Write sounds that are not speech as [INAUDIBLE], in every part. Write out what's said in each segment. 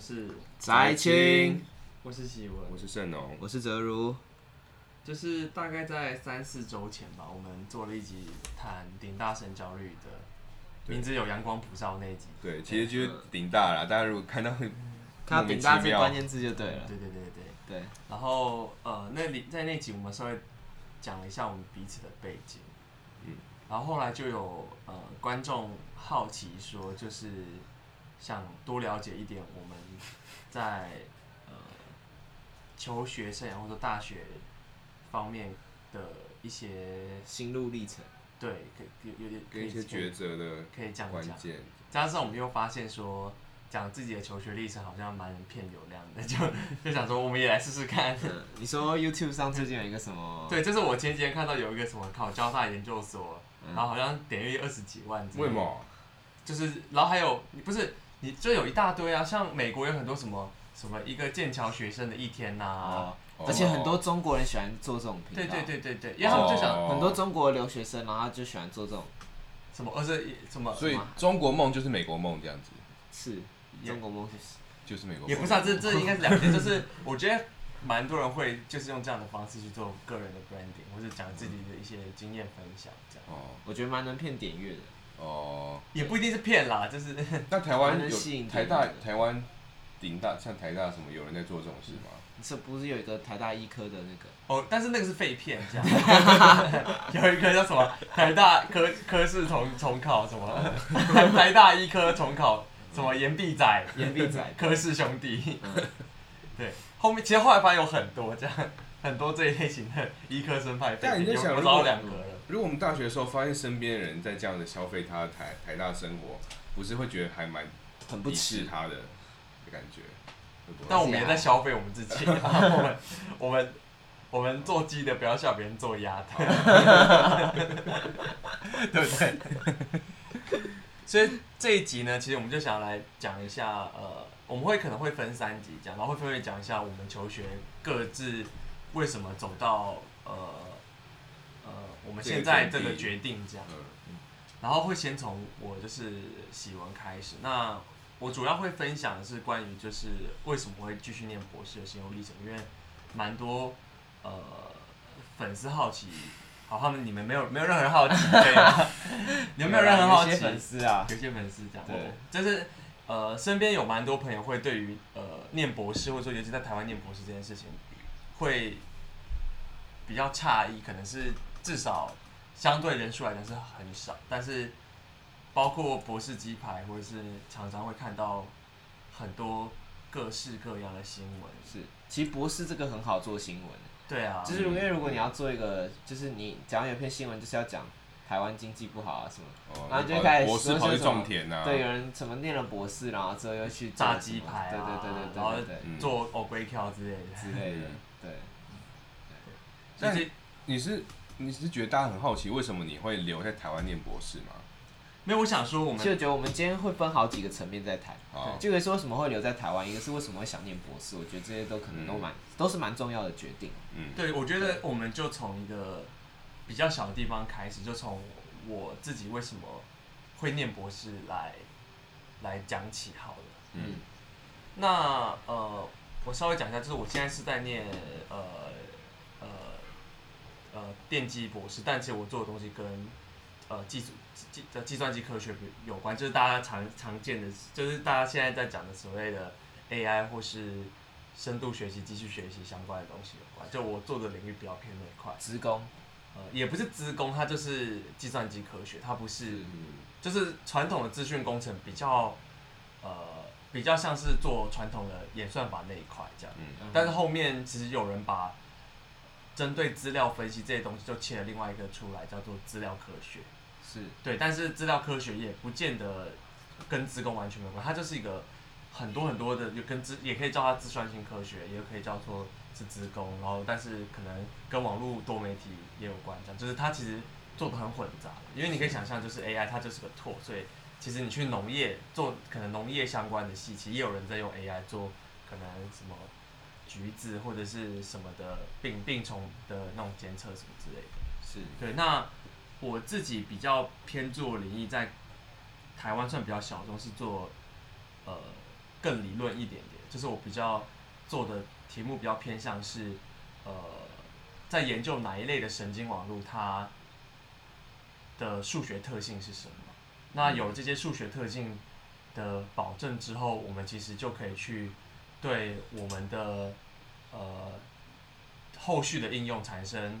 是宅青，我是璽文，我是盛龍，我是澤如。就是大概在三四周前吧，我們做了一集談頂大生焦慮的，名字有陽光普照那集對。對，其實就是頂大啦、呃。大家如果看到，嗯、看,看到頂大關鍵字就對了。對、嗯、對對對對。對。然後呃，那裡在那集我們稍微講了一下我們彼此的背景。嗯。然後後來就有呃觀眾好奇說，就是想多了解一點我們。在呃求學生或者說大學方面的一些心路歷程，對，可有有有一些抉擇的，可以這樣講。加上我們又發現說，講自己的求學歷程好像蠻騙流量的，就就想說我們也來試試看。你說 YouTube 上最近有一個什麼？對，就是我前幾天看到有一個什麼考交大研究所，然後好像點閱二十幾萬。為什麼？就是，然後還有你不是？你這有一大堆啊，像美國有很多什麼什麼一個劍橋學生的一天吶、啊哦啊，而且很多中國人喜歡做這種。對對對對對，然後他就想很多中國留學生，然後就喜歡做這種哦哦哦哦什麼，而且什麼，所以中國夢就是美國夢這樣子。是，中國夢就是就是美國夢、就是。也不是啊，這這應該是兩件，就是我覺得蠻多人會就是用這樣的方式去做個人的 branding， [LAUGHS] 或者講自己的一些經驗分享這樣。哦，我覺得蠻能騙點閱的。哦，也不一定是騙啦，就是。那台灣有台，台大、台灣頂大，像台大什麼有人在做這種事嗎、嗯？這不是有一個台大醫科的那個？哦，但是那個是廢片，這樣。 [LAUGHS] [LAUGHS] 有一個叫什麼台大科科室重重考什麼？台大醫科重考什麼延畢 [LAUGHS] [LAUGHS] 仔、延畢仔、科室兄弟。 [LAUGHS] 對，後面其實後來發現有很多這樣，很多這一類型的醫科生派，但你有兩個。嗯如果我們大學的時候發現身邊的人在這樣的消費他的，他台台大生活，不是會覺得還蠻很鄙視他的，的感覺？但我們也在消費我們自己， [LAUGHS] 我們我們我們做雞的不要笑別人做鴨， [LAUGHS] [LAUGHS] [LAUGHS] 對不對？ [LAUGHS] [LAUGHS] [LAUGHS] 所以這一集呢，其實我們就想來講一下，呃，我們會可能會分三集講，然後會分別講一下我們求學各自為什麼走到呃。我們現在這個決定這樣，嗯、然後會先從我就是璽文開始。那我主要會分享的是關於就是為什麼會繼續念博士的心路歷程，因為蠻多呃粉絲好奇，好他們你們沒有沒有任何人好奇，有 [LAUGHS] 對、啊、 [LAUGHS] 沒有人好奇 [LAUGHS] 有？有些粉絲啊，有些粉絲這樣，對，就是呃身邊有蠻多朋友會對於呃念博士，或者說尤其在台灣念博士這件事情，會比較詫異，可能是。至少相對人數來講是很少，但是包括博士雞排，或者是常常會看到很多各式各樣的新聞。是，其實博士這個很好做新聞。對啊。就是因為如果你要做一個，嗯、就是你講有篇新聞就是要講台灣經濟不好啊什麼，哦、然後就開始是博士跑去種田啊。對，有人什麼念了博士，然後之後又去炸雞排、啊，對對對對對、對、對、嗯，然後又做烏龜跳之類的之類的。對、對、對。但 [LAUGHS] 是對對對你，你是。你是覺得大家很好奇為什麼你會留在台灣念博士嗎？沒有，我想說我們就覺得我們今天會分好幾個層面在談，一、oh. 個說什麼會留在台灣，一個是為什麼會想念博士，我覺得這些都可能都蠻、嗯、都是蠻重要的決定。嗯，對，我覺得我們就從一個比較小的地方開始，就從我自己為什麼會念博士來來講起好了。嗯，那呃，我稍微講一下，就是我現在是在念呃。呃，電機博士，但其實我做的東西跟呃，技術、計的計算機科學有關，就是大家常常見的，就是大家現在在講的所謂的 AI 或是深度學習、機器學習相關的東西有關。就我做的領域比較偏那一塊，資工，呃，也不是資工，它就是計算機科學，它不是，嗯、就是傳統的資訊工程比較，呃，比較像是做傳統的演算法那一塊這樣。嗯嗯、但是後面其實有人把針對資料分析這些東西，就切了另外一個出來，叫做資料科學，是對。但是資料科學也不見得跟資工完全沒關係，它就是一個很多很多的，就跟資也可以叫它自算性科學，也可以叫做是資工。然後，但是可能跟網絡多媒體也有關，這樣就是它其實做得很混雜。因為你可以想象，就是 AI 它就是個拓，所以其實你去農業做可能農業相關的系，其實也有人在用 AI 做可能什麼。橘子或者是什麼的病病蟲的那種檢測，什麼之類的，是對。那我自己比較偏做領域，在台灣算比較小眾，是做呃更理論一點點，就是我比較做的題目比較偏向是呃在研究哪一類的神經網絡，它的數學特性是什麼。嗯、那有這些數學特性的保證之後，我們其實就可以去。對我們的呃後續的應用產生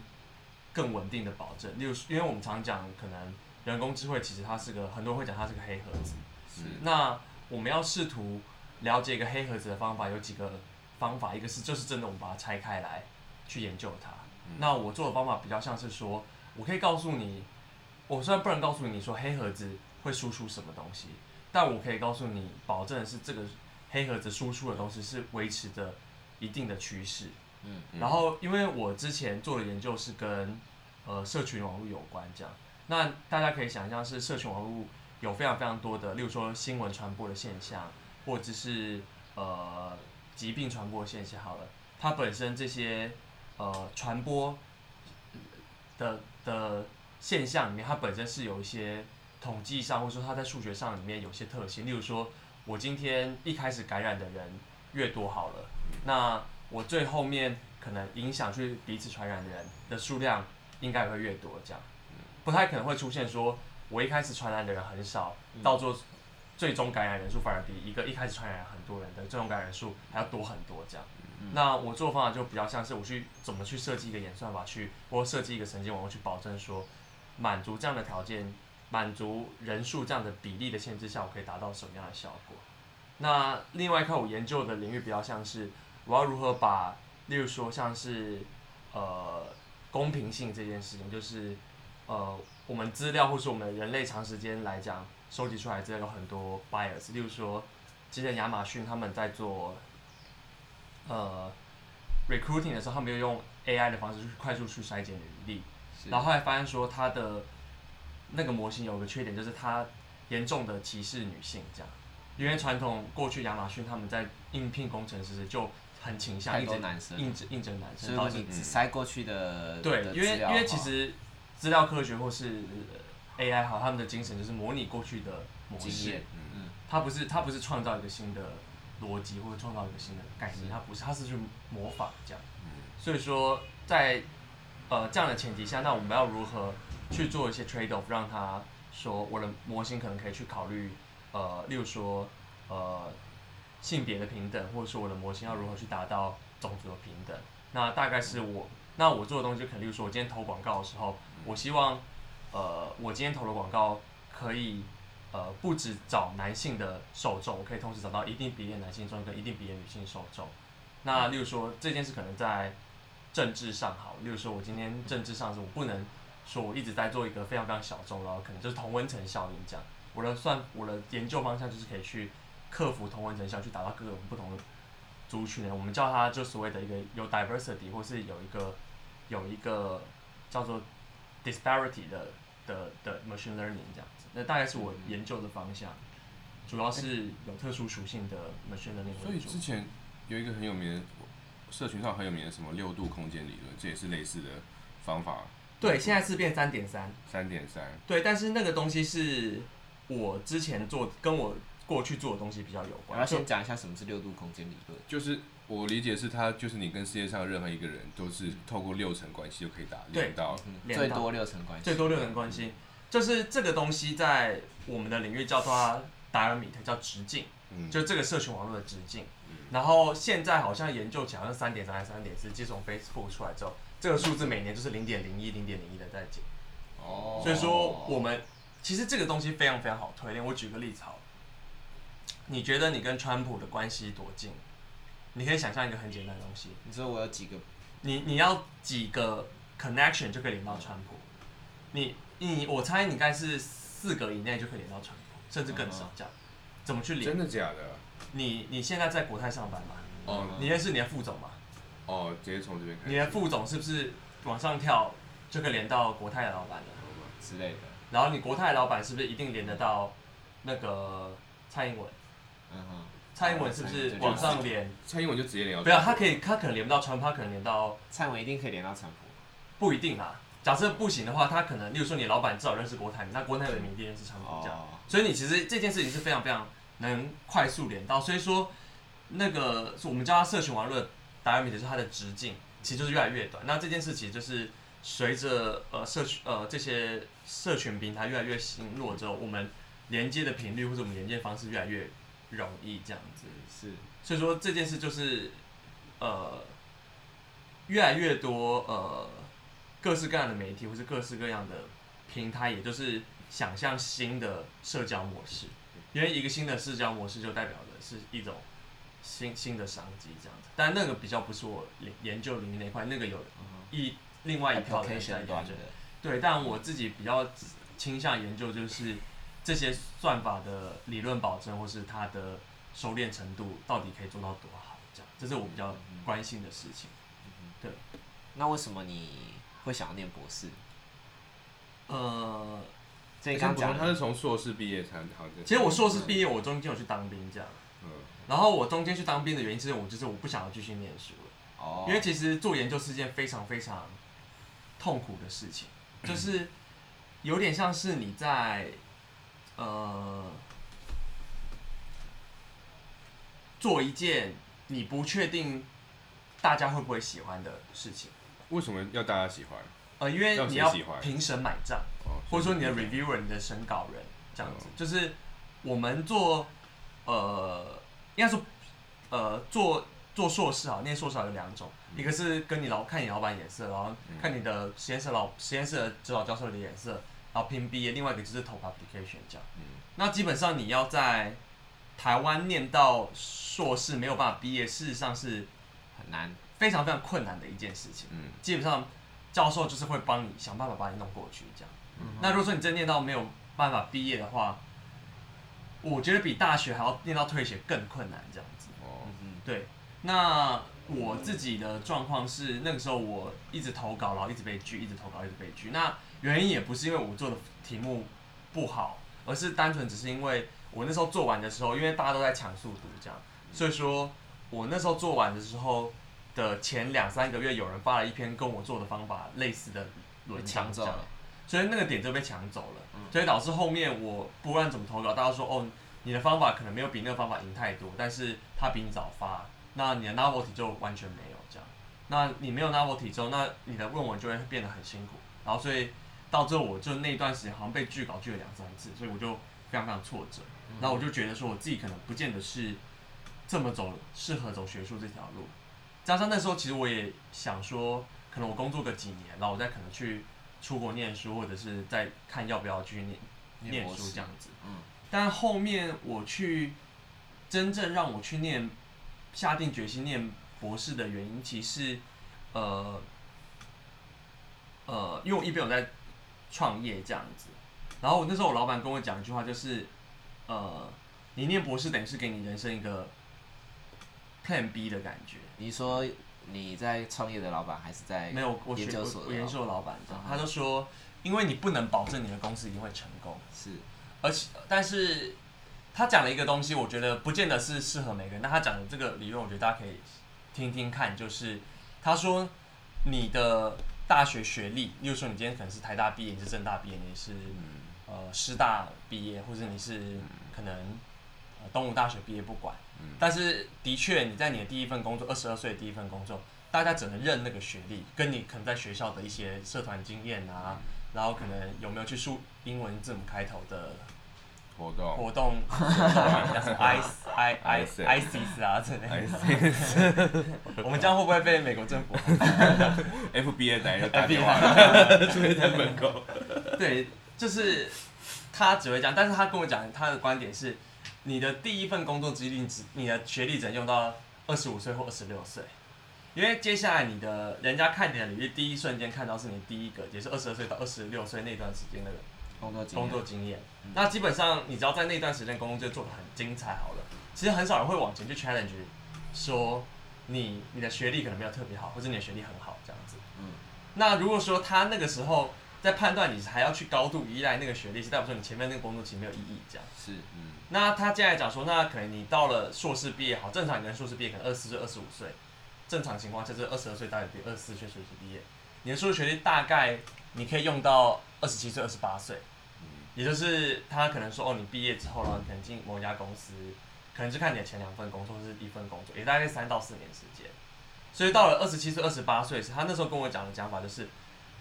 更穩定的保證。例如，因為我們常講，可能人工智慧其實它是個很多人會講它是個黑盒子。是。那我們要試圖了解一個黑盒子的方法有幾個方法，一個是就是真的我們把它拆開來去研究它。嗯。那我做的方法比較像是說，我可以告訴你，我雖然不能告訴你說黑盒子會輸出什麼東西，但我可以告訴你，保證是這個。黑盒子輸出的東西是維持着一定的趨勢。嗯，嗯，然後因為我之前做的研究是跟呃社群網絡有關，這樣，那大家可以想象是社群網絡有非常非常多的，例如說新聞傳播的現象，或者是呃疾病傳播的現象，好了，它本身這些呃傳播的的現象裡面，它本身是有一些統計上或者說它在數學上裡面有些特性，例如說。我今天一開始感染的人越多好了，那我最後面可能影響去彼此傳染的人的數量應該也會越多，這樣，不太可能會出現說我一開始傳染的人很少，到做最終感染人數反而比一個一開始傳染很多人的這種感染人數還要多很多這樣。那我做方法就比較像是我去怎麼去設計一個演算法去，或設計一個神經網絡去保證說滿足這樣的條件。滿足人數這樣的比例的限制下，我可以達到什麼樣的效果？那另外一塊我研究的領域比較像是，我要如何把，例如說像是，呃，公平性這件事情，就是，呃，我們資料或是我們人類長時間來講收集出來這個有很多 bias，例如說，之前亞馬遜他們在做，呃，recruiting 的時候，他們有用 AI 的方式去快速去篩簡歷，然後後來發現說他的。那個模型有個缺點，就是它嚴重的歧視女性，這樣，因為傳統過去亞馬遜他們在應聘工程師時就很傾向於應徵男生，應徵男生，所以都塞過去的。嗯、的對，因為因為其實資料科學或是 AI 好，他們的精神就是模擬過去的模式，嗯嗯，它不是它不是創造一個新的邏輯或者創造一個新的概念，它不是，它是去模仿這樣，嗯、所以說在呃這樣的前提下，那我們要如何，去做一些 trade off，讓他說我的模型可能可以去考慮，呃，例如說，呃，性別的平等，或者說我的模型要如何去達到種族的平等。那大概是我，那我做的東西就可能，例如說，我今天投廣告的時候，我希望，呃，我今天投的廣告可以，呃，不止找男性的受眾，我可以同時找到一定比例的男性受眾跟一定比例的女性受眾。那例如說這件事可能在政治上好，例如說我今天政治上是我不能。說我一直在做一個非常非常小眾，然後可能就是同溫層效應這樣。我的算我的研究方向就是可以去克服同溫層效，去達到各種不同的族群的。我們叫它就所謂的一個有 diversity 或是有一個有一個叫做 disparity 的的的 machine learning 這樣子。那大概是我研究的方向，主要是有特殊屬性的 machine learning。所以之前有一個很有名的社群上很有名的什麼六度空間理論，這也是類似的方法。對，現在是變三點三，三點三。對，但是那個東西是我之前做，跟我過去做的東西比較有關。我要先講一下什麼是六度空間理論。就、就是我理解是它，就是你跟世界上任何一個人都是透過六層關係就可以打連到最多六層關最多六層關係,層關係、嗯。就是這個東西在我們的領域叫做它，Diameter，叫直徑，嗯、就是這個社群網絡的直徑。嗯、然後現在好像研究起來，好像三點三還是三點四，自從 Facebook 出來之後。這個數字每年就是零點零一、零點零一的在減，哦、oh.，所以說我們其實這個東西非常非常好推演，我舉個例子哦，你覺得你跟川普的關係多近？你可以想象一個很簡單的東西，你說我有幾個，你你要幾個 connection 就可以連到川普，嗯、你你我猜你應該是四個以內就可以連到川普，甚至更少。這、嗯、樣怎麼去連？真的假的？你你現在在國泰上班嗎？哦、oh, no.，你認識你的副總嗎？哦、oh,，直接從這邊開始。你的副總是不是往上跳，就可以連到國泰的老板了？Oh, oh, 之類的。然後你國泰的老板是不是一定連得到那個蔡英文？嗯哼。蔡英文是不是往上連？蔡英文就直接連到。不要，他可以，他可能連不到川普，他可能連到蔡文，一定可以連到川普。不一定啦，假設不行的話，他可能，例如說你的老板至少認識國泰，那國泰的名字也是川普這樣，oh. 所以你其實這件事情是非常非常能快速連到，所以說那個是我們叫他社群網絡打個比方，是它的直徑其實就是越來越短。那這件事情其實就是隨着呃社群呃這些社群平台越來越興落之後，我們連接的頻率或者我們連接方式越來越容易這樣子。是，所以說這件事就是呃越來越多呃各式各樣的媒體或是各式各樣的平台，也就是想象新的社交模式，因為一個新的社交模式就代表的是一種。新新的商機這樣子，但那個比較不是我研研究裡面那一塊，那個有一、嗯、另外一條可以選。方對，但我自己比較傾向研究就是這些算法的理論保證，或是它的收斂程度到底可以做到多好，這樣，這是我比較關心的事情、嗯。對，那為什麼你會想要念博士？呃，你剛講他是從碩士畢業才好，其實我碩士畢業、嗯，我中間有去當兵這樣。然後我中間去當兵的原因，其實我就是我不想要繼續念書了。Oh. 因為其實做研究是件非常非常痛苦的事情，嗯、就是有點像是你在呃做一件你不確定大家會不會喜歡的事情。為什麼要大家喜歡？呃，因為要你要評審買賬，Oh, 或者說你的 reviewer、嗯、你的審稿人這樣子，Oh. 就是我們做呃。應該說，呃，做做碩士啊，念碩士啊有兩種，一個是跟你老看你老闆眼色，然後看你的實驗室老實驗室的指導教授的眼色，然後拼畢業，另外一個就是投 publication，嗯、那基本上你要在台灣念到碩士沒有辦法畢業，事實上是很難，非常非常困難的一件事情，嗯。基本上教授就是會幫你想辦法把你弄過去，這樣，嗯。那如果說你真念到沒有辦法畢業的話，我覺得比大學還要念到退學更困難，這樣子。哦，嗯嗯，對。那我自己的狀況是，那個時候我一直投稿，然後一直被拒，一直投稿，一直被拒。那原因也不是因為我做的題目不好，而是單純只是因為我那時候做完的時候，因為大家都在搶速度這樣，所以說我那時候做完的時候的前兩三個月，有人發了一篇跟我做的方法類似的文章，搶走所以那個點就被搶走了，所以導致後面我不管怎麼投稿，大家說哦，你的方法可能沒有比那個方法贏太多，但是他比你早發，那你的 novelty 就完全沒有這樣。那你沒有 novelty 之後，那你的論文就會變得很辛苦。然後所以到這我就那一段時間好像被拒稿拒了兩三次，所以我就非常非常挫折。然後我就覺得說我自己可能不見得是這麼走適合走學術這條路，加上那時候其實我也想說，可能我工作個幾年，然後我再可能去。出國念書，或者是在看要不要去念念書這樣子，嗯。但後面我去真正讓我去念下定決心念博士的原因，其實呃呃，因為我一邊有在創業這樣子，然後那時候我老闆跟我講一句話，就是呃，你念博士等於是給你人生一個 Plan B 的感覺。你說？你在創業的老板還是在沒有研究所的？研究所的老板、嗯，他就說，因為你不能保證你的公司一定會成功，是，而且，但是他講了一個東西，我覺得不見得是適合每個人，那他講的這個理論，我覺得大家可以聽聽看，就是他說你的大學學歷，例如說你今天可能是台大畢業，你是政大畢業，你是、嗯、呃師大畢業，或者你是可能、呃、東吳大學畢業，不管。但是的確，你在你的第一份工作，二十二歲第一份工作，大家只能認那個學歷，跟你可能在學校的一些社團經驗啊，然後可能有沒有去數英文字母開頭的活動活動，ISIS 啊之類，我們這樣會不會被美國政府 FBI 打電話？哈哈哈哈哈，出現在門口。對，就是他只會講，但是他跟我講他的觀點是。你的第一份工作經歷，只你的學歷只能用到二十五歲或二十六歲，因為接下來你的人家看你的履歷，第一瞬間看到是你第一個，也是二十二歲到二十六歲那段時間的工作經驗。那基本上你只要在那段時間工作就做得很精彩好了。其實很少人會往前去 challenge，說你你的學歷可能沒有特別好，或者你的學歷很好這樣子。嗯。那如果說他那個時候，在判斷你還要去高度依賴那個學歷，是代表說你前面那個工作其實沒有意義，這樣。是，嗯。那他接下來講說，那可能你到了碩士畢業，好，正常一個碩士畢業可能二十四歲、二十五歲，正常情況下就是二十二歲大學畢業，二十四歲碩士畢業，你的碩士學歷大概你可以用到二十七歲、二十八歲，也就是他可能說，哦，你畢業之後，然後你可能進某一家公司，可能就看你的前兩份工作或是一份工作，也大概三到四年時間，所以到了二十七歲、二十八歲時，他那時候跟我講的講法就是。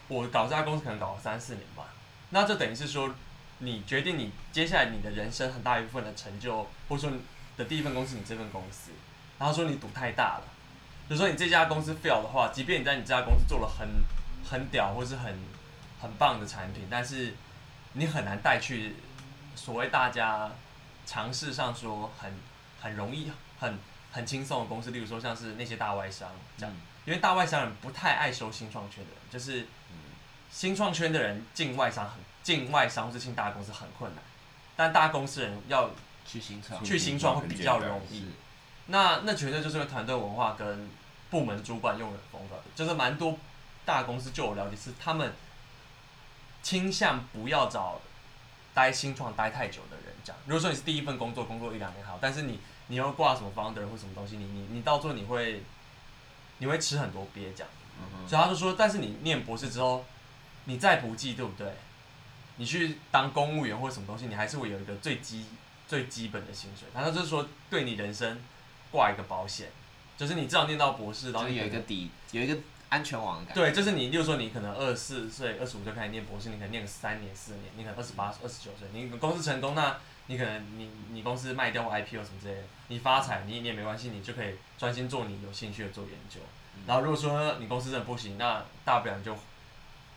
我搞這家公司可能搞了三四年吧，那就等於是說，你決定你接下來你的人生很大一部分的成就，或者說你的第一份公司，你這份公司，然後說你賭太大了，比如說你這家公司 fail 的話，即便你在你這家公司做了很很屌，或是很很棒的產品，但是你很難帶去所謂大家嘗試上說很很容易、很很輕鬆的公司，例如說像是那些大外商這樣，嗯、因為大外商人不太愛收新創圈的人，就是。新創圈的人進外商很進外商或是進大公司很困難，但大公司人要去新創去新創會比較容易。那那絕對就是個團隊文化跟部門主管用人風格，就是蠻多大公司就我了解是他們傾向不要找待新創待太久的人講。如果說你是第一份工作工作一兩年好，但是你你又掛什麼 founder 或什麼東西，你你你到最後你會你會吃很多鱉講。Uh-huh. 所以他就說，但是你念博士之後。你再不濟，對不對？你去當公務員或什麼東西，你還是會有一個最基最基本的薪水。反正就是說，對你人生掛一個保險，就是你至少念到博士，然後有,有一個底，有一個安全網。對，就是你，就是說你可能二十四歲、二十五歲開始念博士，你可能念個三年、四年，你可能二十八、二十九歲，你公司成功，那你可能你你公司賣掉或 IPO 或什麼之類的，你發財，你也沒關係，你就可以專心做你有興趣的做研究。嗯、然後如果說你公司真的不行，那大不了就。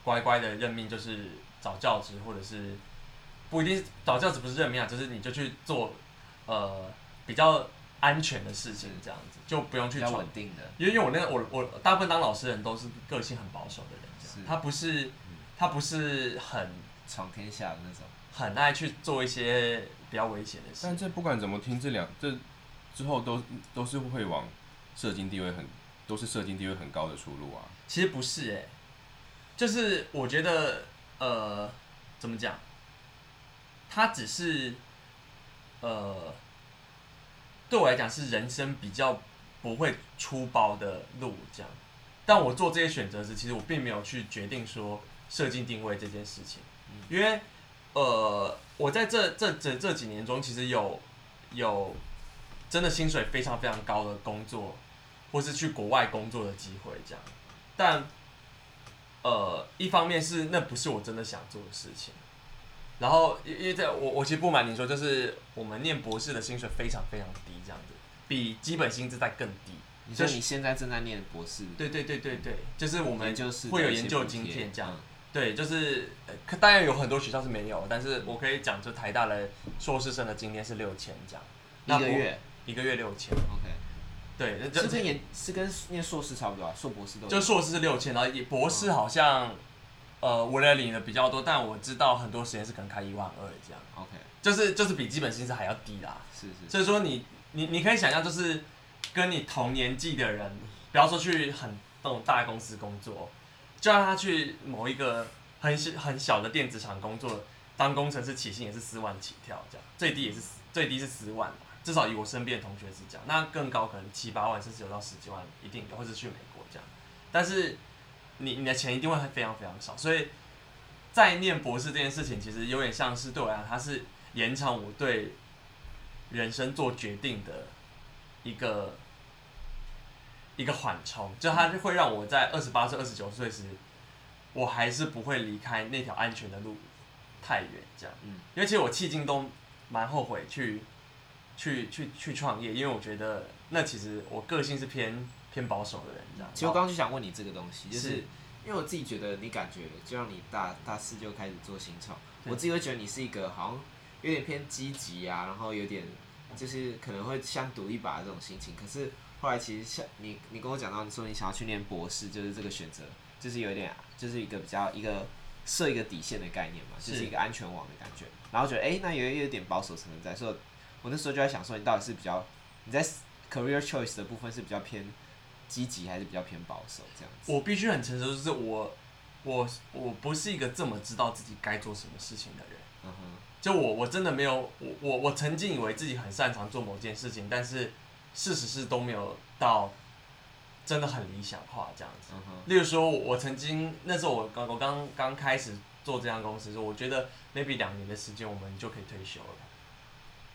乖乖的任命就是找教職，或者是不一定找教職不是任命啊，就是你就去做呃比較安全的事情，這樣子就不用去闖，比較穩定的，因為我那個我我大部分當老師的人都是個性很保守的人這樣，他不是、嗯、他不是很闖天下的那種，很愛去做一些比較危險的事。但這不管怎麼聽這兩，這兩這之後都都是會往社經地位很都是社經地位很高的出路啊。其實不是哎、欸。就是我覺得，呃，怎麼講？他只是，呃，對我來講是人生比較不會出包的路，這樣。但我做這些選擇時，其實我並沒有去決定說設計定位這件事情，因為，呃，我在這這這這幾年中，其實有有真的薪水非常非常高的工作，或是去國外工作的機會，這樣，但。呃，一方面是那不是我真的想做的事情，然後因因在我我其實不瞞你說，就是我們念博士的薪水非常非常低，這樣子，比基本薪資再更低。你說你現在正在念博士？對對對對對，就是我們就是會有研究津貼這樣、嗯。對，就是呃，當然有很多學校是沒有，但是我可以講，就台大的碩士生的津貼是六千這樣，一個月一個月六千。Okay. 對，其實也是跟念碩士差不多啊，碩博士都就碩士是六千，然後也博士好像，嗯、呃，我來領的比較多，但我知道很多實驗室可能開一萬二這樣。OK，就是就是比基本薪資還要低啦。是是，是，所以說你你你可以想象，就是跟你同年紀的人，不要說去很那種大公司工作，就讓他去某一個很小很小的電子廠工作，當工程師起薪也是四萬起跳，這樣，最低也是最低是四萬。至少以我身邊的同學是這樣，那更高可能七八萬甚至有到十幾萬，一定的，或者去美國這樣。但是你你的錢一定會非常非常少，所以在念博士這件事情，其實有點像是對我來講，它是延長我對人生做決定的一個一個緩衝，就它會讓我在二十八至二十九歲時，我還是不會離開那條安全的路太遠，這樣。嗯，因為其實我迄今都蠻後悔去去去去創業，因為我覺得那其實我個性是偏偏保守的人，你知道？其實我剛剛就想問你這個東西，就是因為我自己覺得你感覺，就像你大大四就開始做新創，我自己會覺得你是一個好像有點偏積極啊，然後有點就是可能會想賭一把這種心情。可是後來其實像你你跟我講到，你說你想要去念博士，就是這個選擇，就是有點就是一個比較一個設一個底線的概念嘛，就是一個安全網的感覺。然後覺得哎、欸，那有有點保守成分在，所以。我那時候就在想說，你到底是比較，你在 career choice 的部分是比較偏積極，還是比較偏保守這樣子？我必須很誠實，就是我，我，我不是一個這麼知道自己該做什麼事情的人。嗯哼。就我我真的沒有，我我我曾經以為自己很擅長做某件事情，但是事實是都沒有到真的很理想化這樣子。嗯哼。例如說我，我曾經那時候我剛我剛剛開始做這家公司的時候，我覺得 maybe 兩年的時間我們就可以退休了。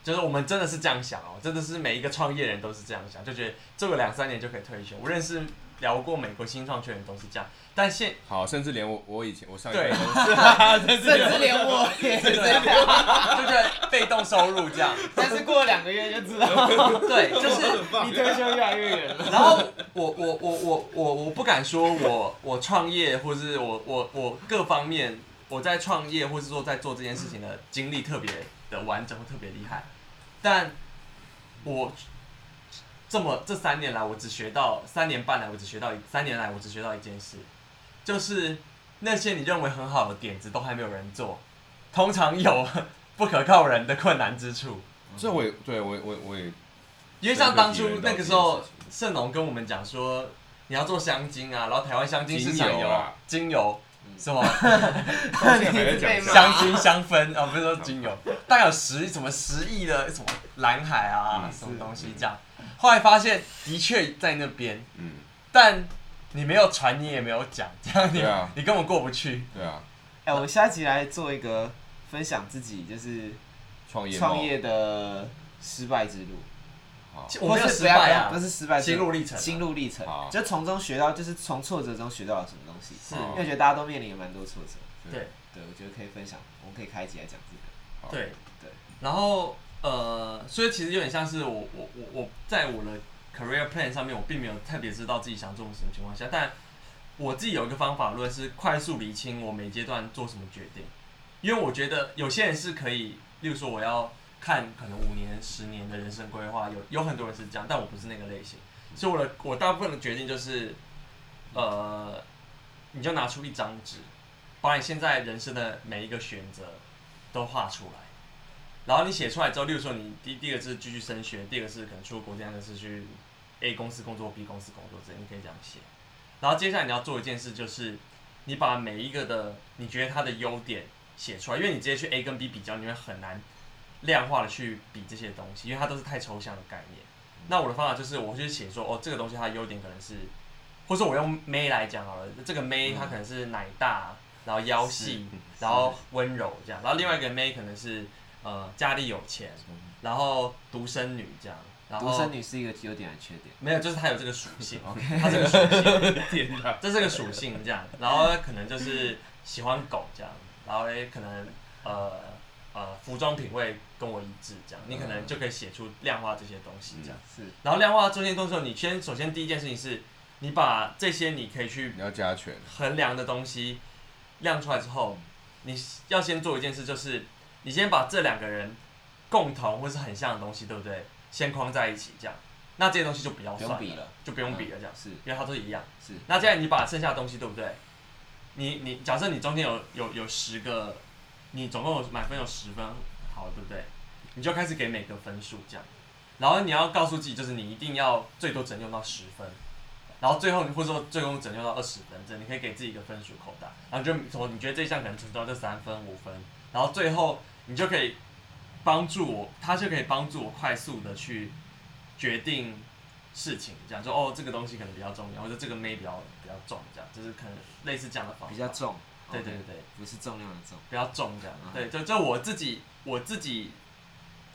就是我們真的是這樣想哦，真的是每一個創業人都是這樣想，就覺得做個兩三年就可以退休。我認識聊過美國新創圈的人都是這樣，但現好，甚至連我我以前我上一的時候對, [LAUGHS] 我 [LAUGHS] 對,對，甚至連我也是，就覺得被動收入這樣， [LAUGHS] 但是過了兩個月就知道， [LAUGHS] 對，就是離退休越來越遠了。 [LAUGHS] 然後我我我我我我不敢說我我創業或是我我我各方面。我在創業，或是說在做這件事情的經歷特別的完整，特別厲害。但我這麼這三年來，我只學到三年半來，我只學到三年來我，三年來我只學到一件事，就是那些你認為很好的點子，都還沒有人做，通常有不可告人的困難之處。所以，我對我我我也因為像當初那個時候，盛農跟我們講說，你要做香精啊，然後台灣香精是精油啊，精油。是 [LAUGHS] 吧什麼？香 [LAUGHS] 精香氛啊、 [LAUGHS] 哦，不是說精油，大概有十什麼十億的什麼藍海啊， [LAUGHS] 什麼東西這樣。後來發現的確在那邊、 [LAUGHS] 嗯，但你沒有船，你也沒有槳。這樣你、啊、你根本過不去。對啊，哎、啊欸，我們下集來做一個分享，自己就是創業創業的失敗之路，我沒有失敗啊，不是失敗心路歷程，心路歷程，就從中學到，就是從挫折中學到了什麼。是因為覺得大家都面臨有蠻多挫折，嗯、對對，我覺得可以分享，我們可以開一集來講這個。對對，然後呃，所以其實有點像是我我我我在我的 career plan 上面，我並沒有特別知道自己想做什麼情況下，但我自己有一個方法論是快速理清我每階段做什麼決定，因為我覺得有些人是可以，例如說我要看可能五年、十年的人生規劃，有有很多人是這樣，但我不是那個類型，所以我的我大部分的決定就是呃。你就拿出一張紙，把你現在人生的每一個選擇都畫出來，然後你寫出來之後，例如說你第第一個是繼續升學，第二個是可能出國，第三個是去 A 公司工作，B 公司工作之類，這你可以這樣寫。然後接下來你要做一件事，就是你把每一個的你覺得它的優點寫出來，因為你直接去 A 跟 B 比較，你會很難量化的去比這些東西，因為它都是太抽象的概念。那我的方法就是，我會去寫說，哦，這個東西它的優點可能是。或者我用 May 來講好了，這個 May 它可能是奶大，嗯、然後腰細，然後溫柔這樣，然後另外一個 May 可能是呃家裡有錢，然後獨生女這樣，然後獨生女是一個有點的缺點，沒有就是她有這個屬性，她 [LAUGHS] 這個屬性， [LAUGHS] 這是個屬性這樣，然後可能就是喜歡狗這樣，然後可能呃呃服裝品味跟我一致這樣，你可能就可以寫出量化這些東西這樣，嗯、是，然後量化這些東西你先首先第一件事情是。你把這些你可以去你要加權衡量的東西量出來之後，你要，你要先做一件事，就是你先把這兩個人共同或是很像的東西，對不對？先框在一起，這樣，那這些東西就不要算了，不用比了，就不用比了，這樣，是、嗯，因為它都一樣。是，那這樣。你把剩下的東西，對不對？你你假設你中間有有有十個，你總共有滿分有十分，好，對不對？你就開始給每個分數這樣，然後你要告訴自己，就是你一定要最多只能用到十分。然後最後你會說最終只能用到二十分，這你可以給自己一個分數扣打，然後就從你覺得這項可能存到這三分五分，然後最後你就可以幫助我，他就可以幫助我快速的去決定事情，這樣說哦這個東西可能比較重要，或者這個 may 比較比較重，這樣就是可能類似這樣的方法。比較重，對、哦、對對不是重量的重，比較重這樣、嗯。對，就就我自己我自己。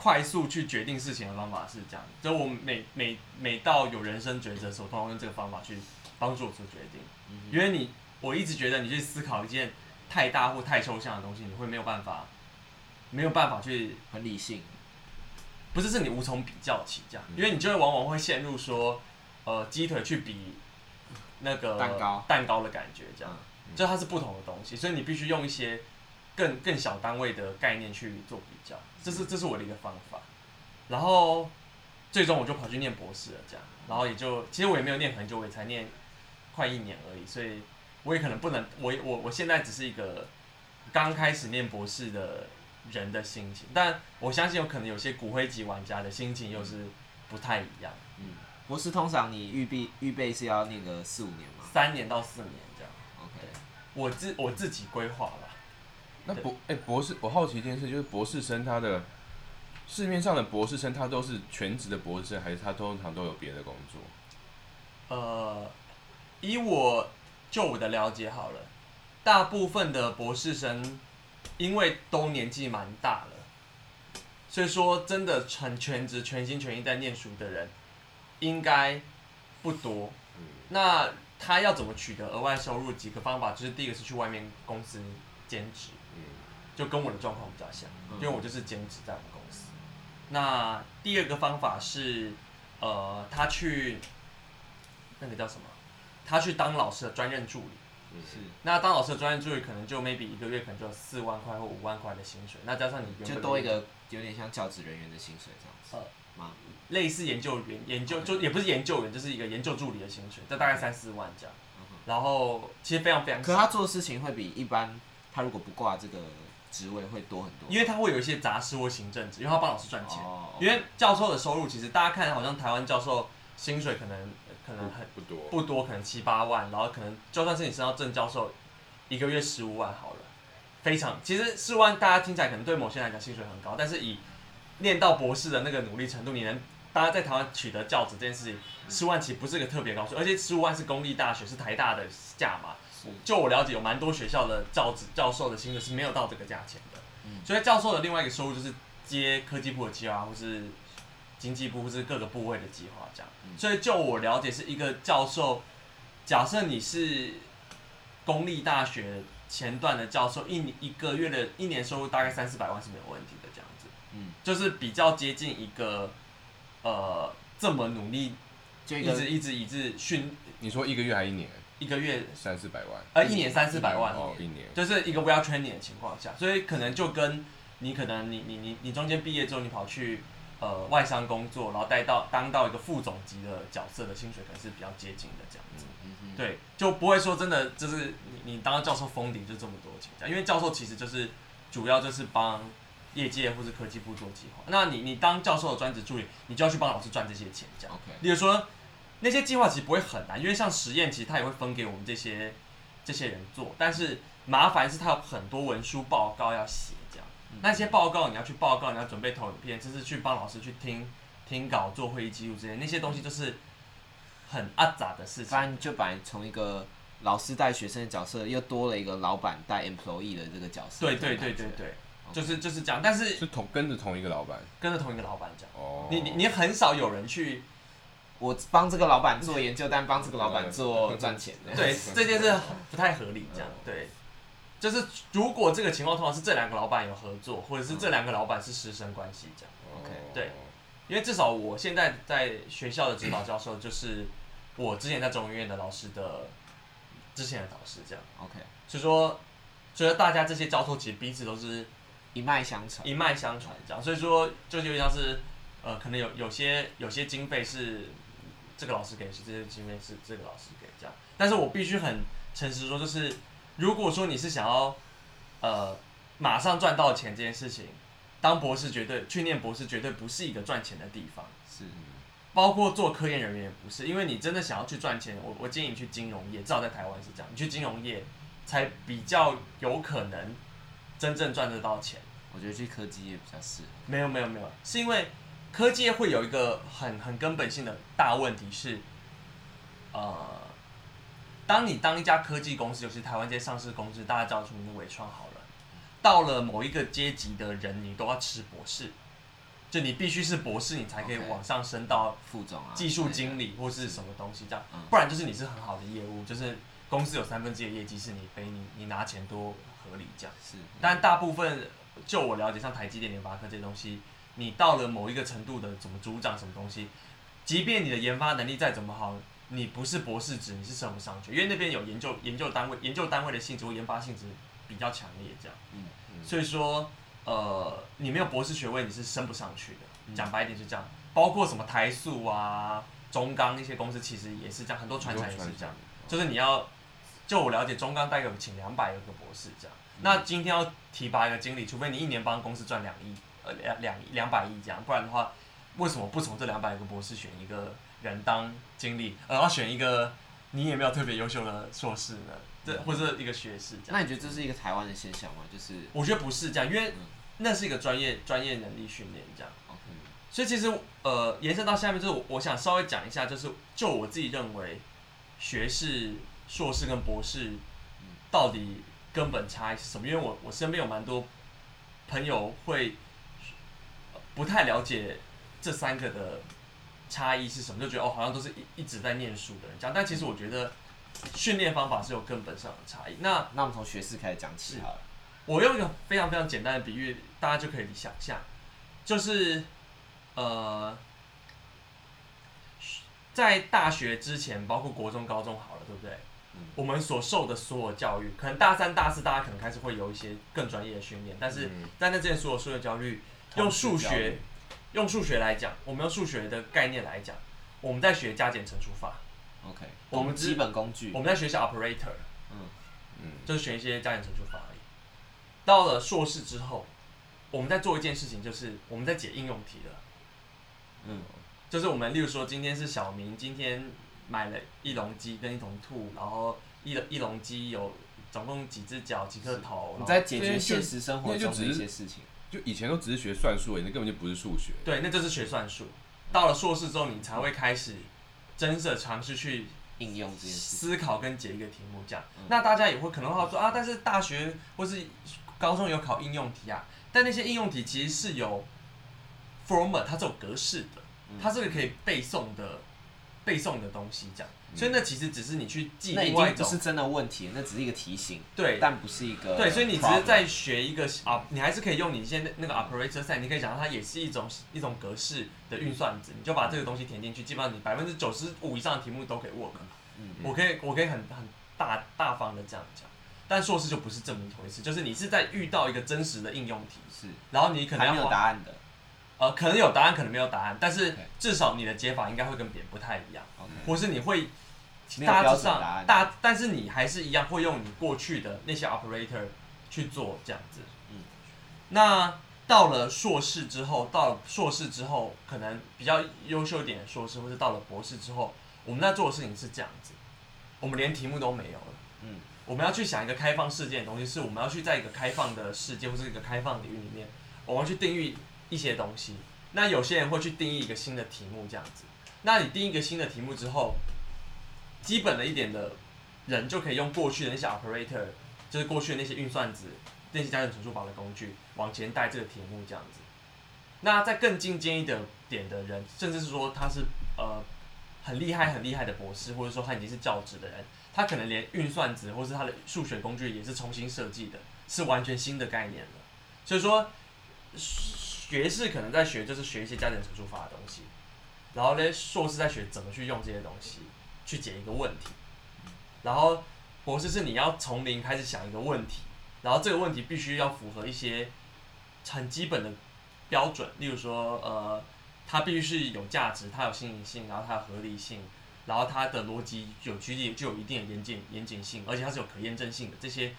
快速去決定事情的方法是這樣，就我每每每到有人生抉擇的時候，通常用這個方法去幫助我做決定。嗯、因為你我一直覺得你去思考一件太大或太抽象的東西，你會沒有辦法，沒有辦法去很理性，不是，是你無從比較起這樣、嗯。因為你就會往往會陷入說，呃，雞腿去比那個蛋糕蛋糕的感覺這樣、嗯，就它是不同的東西，所以你必須用一些更更小單位的概念去做比較。這是這是我的一個方法，然後最終我就跑去念博士了，這樣，然後也就其實我也沒有念很久，我也才念快一年而已，所以我也可能不能，我我我現在只是一個剛開始念博士的人的心情，但我相信有可能有些骨灰級玩家的心情又是不太一樣。嗯，博士通常你預備預備是要那個四五年嗎？三年到四年這樣。OK，對，我自我自己規劃了。他博、哎、欸、博士，我好奇一件事，就是博士生他的市面上的博士生，他都是全職的博士生，還是他通常都有別的工作？呃，以我就我的了解好了，大部分的博士生因為都年紀蠻大了，所以說真的全、全職全心全意在念書的人應該不多。那他要怎麼取得額外收入？幾個方法，就是第一個是去外面公司兼職。就跟我的狀況比較像，因、嗯、為我就是兼職在我們公司。嗯、那第二個方法是，呃，他去那個叫什麼？他去當老師的專任助理。是。那當老師的專任助理，可能就 maybe 一個月可能就四萬塊或五萬塊的薪水。那加上你就多一個有點像教職人員的薪水這樣子。呃，嘛，類似研究員、研究就也不是研究員、嗯，就是一個研究助理的薪水，就大概三四萬這樣。嗯、然後其實非常非常。可他做的事情會比一般他如果不掛這個。職位會多很多，因為他會有一些雜事或行政職，因為他幫老師賺錢。Oh, okay. 因為教授的收入其實大家看好像台灣教授薪水可能可能很不,不多，不多可能七八萬，然後可能就算是你升到正教授，一個月十五萬好了，非常其實四萬大家聽起來可能對某些人來講薪水很高，但是以念到博士的那個努力程度，你能大家在台灣取得教職這件事情，四萬其實不是個特別高數，而且十五萬是公立大學，是台大的價碼。就我了解，有蠻多學校的教授教授的薪水是沒有到這個價錢的、嗯。所以教授的另外一個收入就是接科技部的計劃，或是經濟部或是各個部位的計劃這樣、嗯。所以就我了解，是一個教授，假設你是公立大學前段的教授，一一個月的一年收入大概三四百萬是沒有問題的這樣子。嗯，就是比較接近一個呃這麼努力、這個，一直一直一直訓。你說一個月還一年？一個月三四百萬，呃，一年三四百萬哦，哦，一年，就是一個 well training 的情況下，所以可能就跟你可能你你你你中間畢業之後，你跑去呃外商工作，然後帶到當到一個副總級的角色的薪水，可能是比較接近的這樣子，嗯嗯嗯、對，就不會說真的就是你你當教授封頂就這麼多錢，因為教授其實就是主要就是幫業界或是科技部做計劃，那你你當教授的專職助理，你就要去幫老師賺這些錢這樣，OK，例如說。那些計劃其實不會很難，因為像實驗，其實他也會分給我們這些這些人做。但是麻煩是他有很多文書報告要寫，這樣、嗯、那些報告你要去報告，你要準備投影片，就是去幫老師去聽聽稿、做會議記錄這些，那些東西就是很阿雜的事情。反正就把從一個老師帶學生的角色，又多了一個老闆帶 employee 的這個角色。對對對對對，對、這個，就是就是這樣。但是是同跟着同一個老闆，跟着同一個老闆講。哦、oh.，你你你很少有人去。我幫這個老闆做研究，但幫這個老闆做賺、嗯、錢對，對，這件事不太合理，這樣、嗯、對。就是如果這個情況通常是這兩個老闆有合作，或者是這兩個老闆是師生關係，這樣、嗯、OK。對，因為至少我現在在學校的指導教授就是我之前在中研院的老師的、嗯、之前的導師，這樣 OK。所以說，所以說大家這些教授其實彼此都是一脈相承，一脈相承這樣。所以說這就是有像是呃，可能有有些有些經費是。這個老師給是，這些、個、經費是這個老師給，這樣。但是我必須很誠實說，就是如果說你是想要，呃，馬上賺到錢這件事情，當博士絕對去念博士絕對不是一個賺錢的地方，是、嗯。包括做科研人員也不是，因為你真的想要去賺錢，我我建議你去金融業，至少在台灣是這樣，你去金融業才比較有可能真正賺得到錢。我覺得去科技業比較適合。沒有沒有沒有，是因為。科技會有一個很很根本性的大問題是，呃，當你當一家科技公司，尤其台灣這些上市公司，大家叫出你緯創好了，到了某一個階級的人，你都要吃博士，就你必須是博士，你才可以往上升到副總啊，技術經理或是什麼東西這樣，不然就是你是很好的業務，就是公司有三分之一的業績是你背你你拿錢多合理這樣，但大部分就我了解，像台積電、聯發科這些東西。你到了某一個程度的怎麼組長什麼東西，即便你的研發能力再怎麼好，你不是博士級，你是升不上去。因為那邊有研究研究單位，研究單位的性質或研發性質比較強烈，這樣。嗯，嗯，所以說，呃，你沒有博士學位，你是升不上去的。嗯、講白一點是這樣，包括什麼台塑啊、中鋼那些公司，其實也是這樣，很多傳統也是這樣。就是你要，就我了解，中鋼大概有請兩百個博士這樣、嗯。那今天要提拔一個經理，除非你一年幫公司賺兩億。兩兩兩百億這樣，不然的話，為什麼不從這兩百個博士選一個人當經理？而要、呃、選一個你也沒有特別優秀的碩士呢，這、嗯、或者一個學士。那你覺得這是一個台灣的現象嗎？就是我覺得不是這樣，因為那是一個專業、嗯、專業能力訓練這樣。OK、嗯。所以其實呃，延伸到下面就是我，我想稍微講一下，就是就我自己認為，學士、碩士跟博士到底根本差異是什麼？因為我我身邊有蠻多朋友會。不太了解這三個的差異是什麼，就覺得哦，好像都是一一直在念書的人講。但其實我覺得訓練方法是有根本上的差異。那那我們從學士開始講起好了。是，我用一個非常非常簡單的比喻，大家就可以想象，就是呃，在大學之前，包括國中、高中，好了，對不對？嗯，我們所受的所有教育，可能大三、大四，大家可能開始會有一些更專業的訓練，但是，嗯，但在那之前所有所有教育。用數學，用數學來講，我們用數學的概念來講，我們在學加減乘除法。OK，我們基本工具，我們在學一些 operator 嗯。嗯嗯，就是學一些加減乘除法而已。到了碩士之後，我們在做一件事情，就是我們在解應用題了。嗯，就是我們，例如說，今天是小明，今天買了一籠雞跟一籠兔，然後一籠一籠雞有總共幾隻腳幾顆頭，我們在解決現實生活中的就是一些事情。就以前都只是學算術欸，那根本就不是數學。對，那就是學算術。到了碩士之後，你才會開始真正嘗試去應用、思考跟解一個題目。這樣，那大家也會可能會說啊，但是大學或是高中有考應用題啊，但那些應用題其實是有 format 它這種格式的，它這個可以背誦的背誦的東西這樣。所以那其實只是你去記另外一種、嗯、一是真的問題，那只是一個提醒，對，但不是一個對，所以你只是在學一個、嗯、啊，啊，你還是可以用你現在那個 operator sign 你可以講它也是一種一種格式的運算子、嗯，你就把這個東西填進去、嗯，基本上你百分之九十五以上的題目都可以 work 嗯。嗯，我可以我可以很很大大方的這樣講，但碩士就不是這麼一回事，就是你是在遇到一個真實的應用題，是、嗯，然後你可能沒有答案的，呃，可能有答案，可能沒有答案，但是至少你的解法應該會跟別人不太一樣，okay. 或是你會。大家知道，大但是你還是一樣會用你過去的那些 operator 去做這樣子。嗯，那到了碩士之後，到了碩士之後，可能比較優秀一點的碩士，或者是到了博士之後，我們在做的事情是這樣子，我們連題目都沒有了。嗯，我們要去想一個開放世界的東西，是我們要去在一個開放的世界，或者一個開放領域裡面，我們要去定義一些東西。那有些人會去定義一個新的題目，這樣子。那你定義一個新的題目之後，基本的一點的人就可以用過去的那些 operator，就是過去的那些運算子，那些加減乘除法的工具往前帶這個題目這樣子。那在更進階一點的點的人，甚至是說他是呃很厲害很厲害的博士，或者說他已經是教職的人，他可能連運算子或是他的數學工具也是重新設計的，是完全新的概念了。所以說，學士可能在學就是學一些加減乘除法的東西，然後呢，碩士在學怎麼去用這些東西。去解一個問題，然後博士是你要從零開始想一個問題，然後這個問題必須要符合一些很基本的標準，例如說呃，它必須是有價值，它有新穎性，然後它有合理性，然後它的邏輯有具體具有一定的嚴謹嚴謹性，而且它是有可驗證性的。這些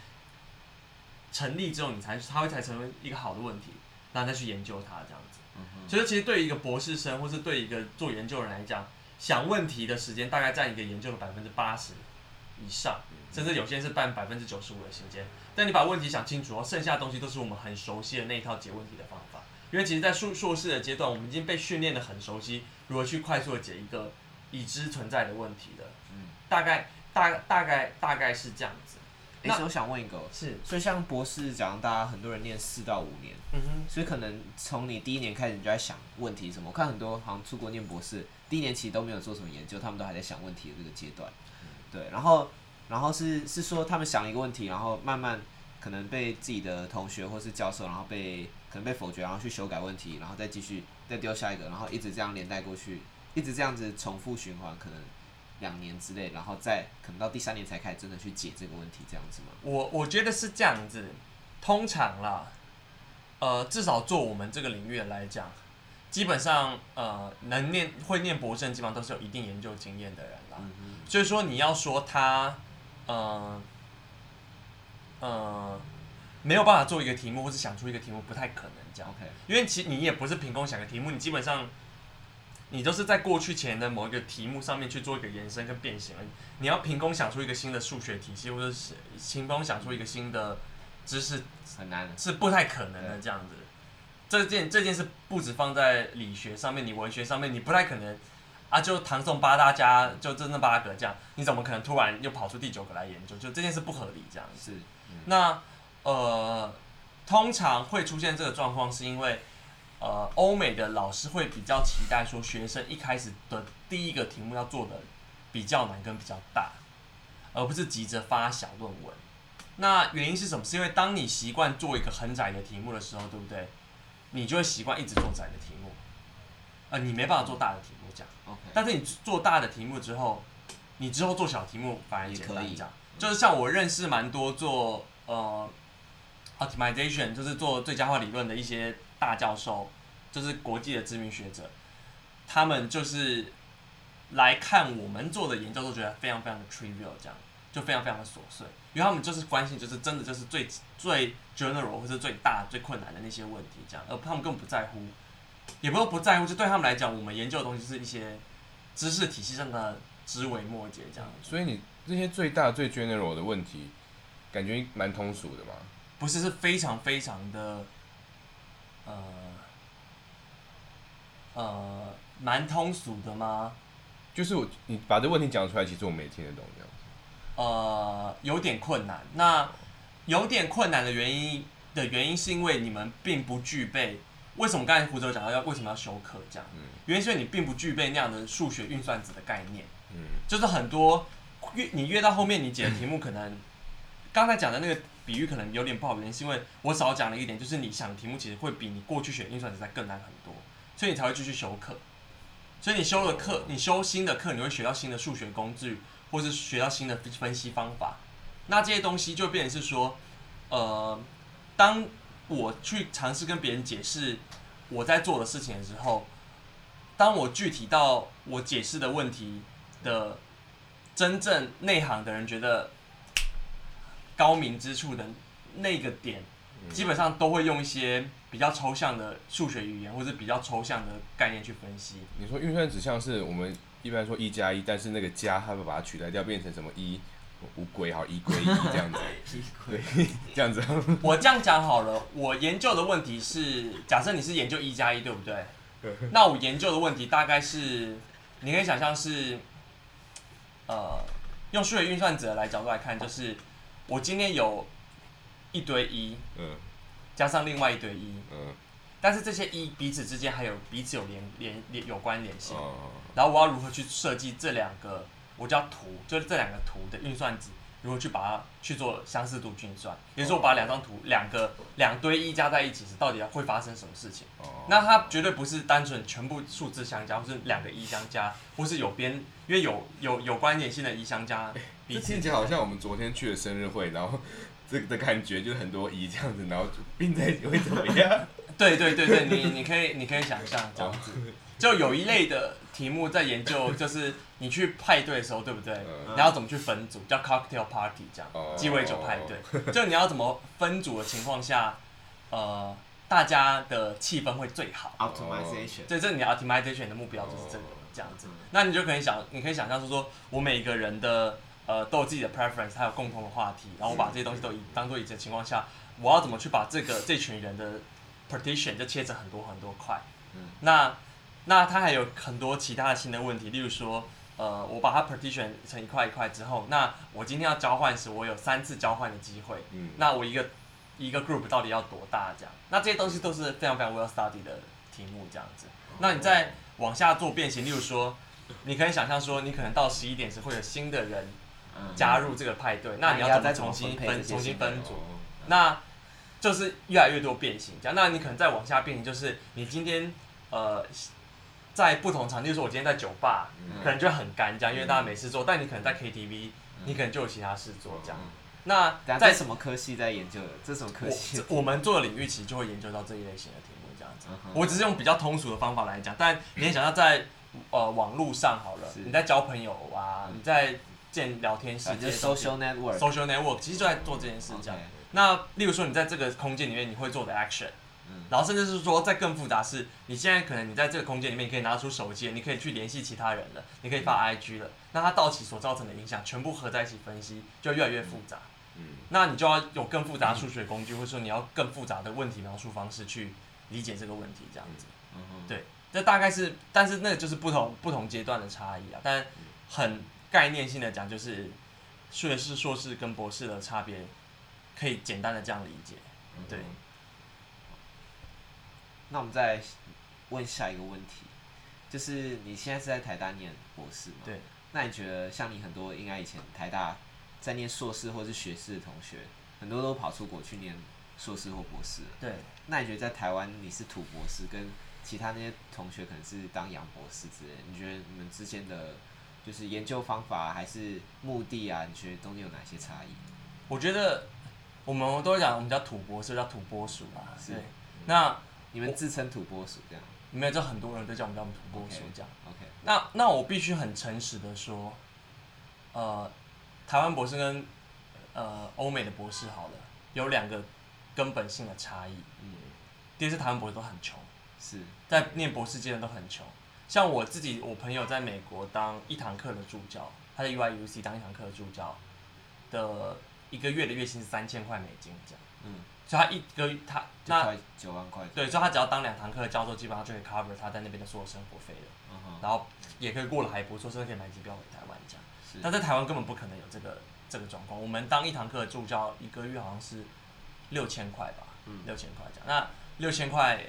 成立之後，你才它會才成為一個好的問題，然後再去研究它這樣子，嗯。所以其實對於一個博士生，或是對於一個做研究人來講，想問題的時間大概占一個研究的百分之八十以上，甚至有些是占百分之九十五的時間。但你把問題想清楚，剩下的東西都是我們很熟悉的那一套解問題的方法。因為其實在，在碩碩士的階段，我們已經被訓練得很熟悉如何去快速的解一個已知存在的問題了。嗯，大概大大概大概是這樣子。欸、那我想問一個，是，所以像博士，講大家很多人念四到五年，嗯哼，所以可能從你第一年開始，你就在想問題什麼？我看很多好像出國念博士。第一年其實都沒有做什麼研究，他們都還在想問題的這個階段。嗯，對，然後，然後是是說他們想一個問題，然後慢慢可能被自己的同學或是教授，然後被可能被否決，然後去修改問題，然後再繼續再丟下一個，然後一直這樣連帶過去，一直這樣子重複循環，可能兩年之內，然後再可能到第三年才開始真的去解這個問題，這樣子嗎？我我覺得是這樣子，通常啦，呃，至少做我們這個領域來講。基本上，呃，能念會念博士，基本上都是有一定研究經驗的人啦。嗯、所以說，你要說他，呃，呃，沒有辦法做一個題目，或是想出一個題目，不太可能。這樣、okay. 因為其實你也不是憑空想一個題目，你基本上，你都是在過去前的某一個題目上面去做一個延伸跟變形，你要憑空想出一個新的數學體系，或者是憑空想出一個新的知識，很難，是不太可能的。這樣子。Okay. 這件這件事不止放在理學上面，你文學上面你不太可能啊，就唐宋八大家就真正八個這樣，你怎麼可能突然又跑出第九個來研究？就這件事不合理這樣。是，嗯、那呃，通常會出現這個狀況是因為呃，歐美的老師會比較期待說學生一開始的第一個題目要做的比較難跟比較大，而不是急着發小論文。那原因是什麼？是因為當你習慣做一個很窄的題目的時候，對不對？你就會習慣一直做窄的題目，呃，你沒辦法做大的題目這樣，okay. 但是你做大的題目之後，你之後做小題目反而也可以這樣，就是像我認識蠻多做呃，嗯，optimization，就是做最佳化理論的一些大教授，就是國際的知名學者，他們就是來看我們做的研究都覺得非常非常的 trivial，這樣，就非常非常的瑣碎。因為他們就是關心，就是真的就是最最 general 或是最大、最困難的那些問題，這樣。而他們根本不在乎，也不用不在乎，就對他們來講，我們研究的東西就是一些知識體系上的枝微末節，這樣。所以你這些最大、最 general 的問題，感覺蠻通俗的嗎？不是，是非常非常的，呃呃，蠻通俗的嗎？就是我，你把這個問題講出來，其實我也聽得懂，這樣。呃，有點困難。那有點困難的原因的原因，是因為你們並不具備。為什麼剛才胡哲講到要為什麼要修課？這樣，嗯，原因是因為你並不具備那樣的數學運算子的概念。嗯，就是很多越你越到後面，你解的題目可能，嗯、剛才講的那個比喻可能有點不好，原因是因為我少講了一點，就是你想的題目其實會比你過去學運算子再更難很多，所以你才會繼續修課。所以你修了課，你修新的課，你會學到新的數學工具，或是學到新的分析方法，那這些東西就變成是說，呃，當我去嘗試跟別人解釋我在做的事情的時候，當我具體到我解釋的問題的真正內行的人覺得高明之處的那個點。基本上都會用一些比較抽象的數學語言，或者比較抽象的概念去分析。嗯，你說運算指向是我們一般說一加一，但是那個加，它會把它取代掉，變成什麼一烏龜，好，一龜一這樣子，一 [LAUGHS] 對 [LAUGHS] 這樣子。 [LAUGHS] 我這樣講好了，我研究的問題是，假設你是研究一加一，對不對？ [LAUGHS] 那我研究的問題大概是，你可以想象是，呃，用數學運算者來角度來看，就是我今天有。一堆一、e,，嗯，加上另外一堆一、e,，嗯，但是這些一、e、彼此之間還有彼此有聯聯有關聯性、哦。然後我要如何去設計這兩個？我叫圖，就是這兩個圖的運算子如何去把它去做相似度運算？比如說，我把兩張圖、兩、哦、個兩堆一、e、加在一起到底要會發生什麼事情？哦、那它絕對不是單純全部數字相加，或是兩個一、e、相加， [LAUGHS] 或是有邊，因為有有有，有關聯性的一、e、相，相加。這聽起來好像我們昨天去的生日會，然後。這個、的感覺就是很多疑這樣子，然後組併在一起會怎麼樣？ [LAUGHS] 對對對對，你你可以你可以想象這樣子，就有一類的題目在研究，就是你去派對的時候，對不對？你要怎麼去分組？叫 cocktail party 這樣，雞尾酒派對，就你要怎麼分組的情況下，呃，大家的氣氛會最好 optimization，對，這是你 optimization 的目標，就是這個這樣子。那你就可以想，你可以想象是說，說我每個人的。呃，都有自己的 preference，還有共同的話題，然後我把這些東西都以、嗯嗯、當做一個情況下，我要怎麼去把這個、嗯、這群人的 partition 就切成很多很多塊？嗯，那那它還有很多其他的新的問題，例如說，呃，我把它 partition 成一塊一塊之後，那我今天要交換時，我有三次交換的機會，嗯，那我一個一個 group 到底要多大這樣？那這些東西都是非常非常 well studied 的題目這樣子。那你再往下做變形，例如說，你可以想象說，你可能到十一點時會有新的人。加入這個派對、嗯，那你要怎麼重新，重新分重新分組，新分組、哦嗯？那就是越來越多變形這樣。那你可能再往下變形，就是你今天呃在不同場地。就是我今天在酒吧，嗯、可能就很乾這樣、嗯，因為大家沒事做。嗯、但你可能在 KTV，、嗯、你可能就有其他事做這樣。嗯嗯、那在什麼科系在研究的？這什麼科系我？我們做的領域其實就會研究到這一類型的題目這樣子。嗯、這樣子、嗯、我只是用比較通俗的方法來講，但你也想要在呃網絡上好了，你在交朋友啊，嗯、你在。建聊天室，啊，就是 social network，social network 其實就在做這件事。這樣，okay. 那例如說你在這個空間裡面，你會做的 action、嗯、然後甚至是說在更複雜的是，你現在可能你在這個空間裡面，你可以拿出手機，你可以去聯繫其他人了，你可以發 IG 了。嗯、那它到期所造成的影響，全部合在一起分析，就越來越複雜。嗯，那你就要有更複雜的數學工具、嗯，或者說你要更複雜的問題描述方式去理解這個問題，這樣子。嗯對，這大概是，但是那個就是不同不同階段的差異啊，但很。嗯概念性的講，就是，碩士、碩士跟博士的差別，可以簡單的這樣理解。對。嗯。那我們再來問下一個問題，就是你現在是在台大念博士嗎？對。那你覺得像你很多應該以前台大在念碩士或是學士的同學，很多都跑出國去念碩士或博士。對。那你覺得在台灣你是土博士，跟其他那些同學可能是當洋博士之類的，你覺得你們之間的？就是研究方法還是目的啊？你覺得都有哪些差異？我覺得我們都講，我們叫土博士，叫土撥鼠吧。對，是嗯、那你們自稱土撥鼠這樣、嗯？沒有，知道很多人都叫我們叫我們土撥鼠這樣。OK。Okay. 那那我必須很誠實的說，呃，台灣博士跟呃歐美的博士好了，有兩個根本性的差異。嗯，第一是台灣博士都很窮，是在念博士階段都很窮。像我自己，我朋友在美國當一堂課的助教，他在 UIUC 當一堂課的助教，的一個月的月薪三千塊美金這樣。嗯，所以他一個月他那九萬塊，對，所以他只要當兩堂課的教授，基本上就可以 cover 他在那邊的所有生活費了，嗯。然後也可以過得還不錯，甚至可以買機票回台灣這樣。但在台灣根本不可能有這個這個狀況。我們當一堂課的助教一個月好像是六千塊吧，六千塊這樣。那六千塊。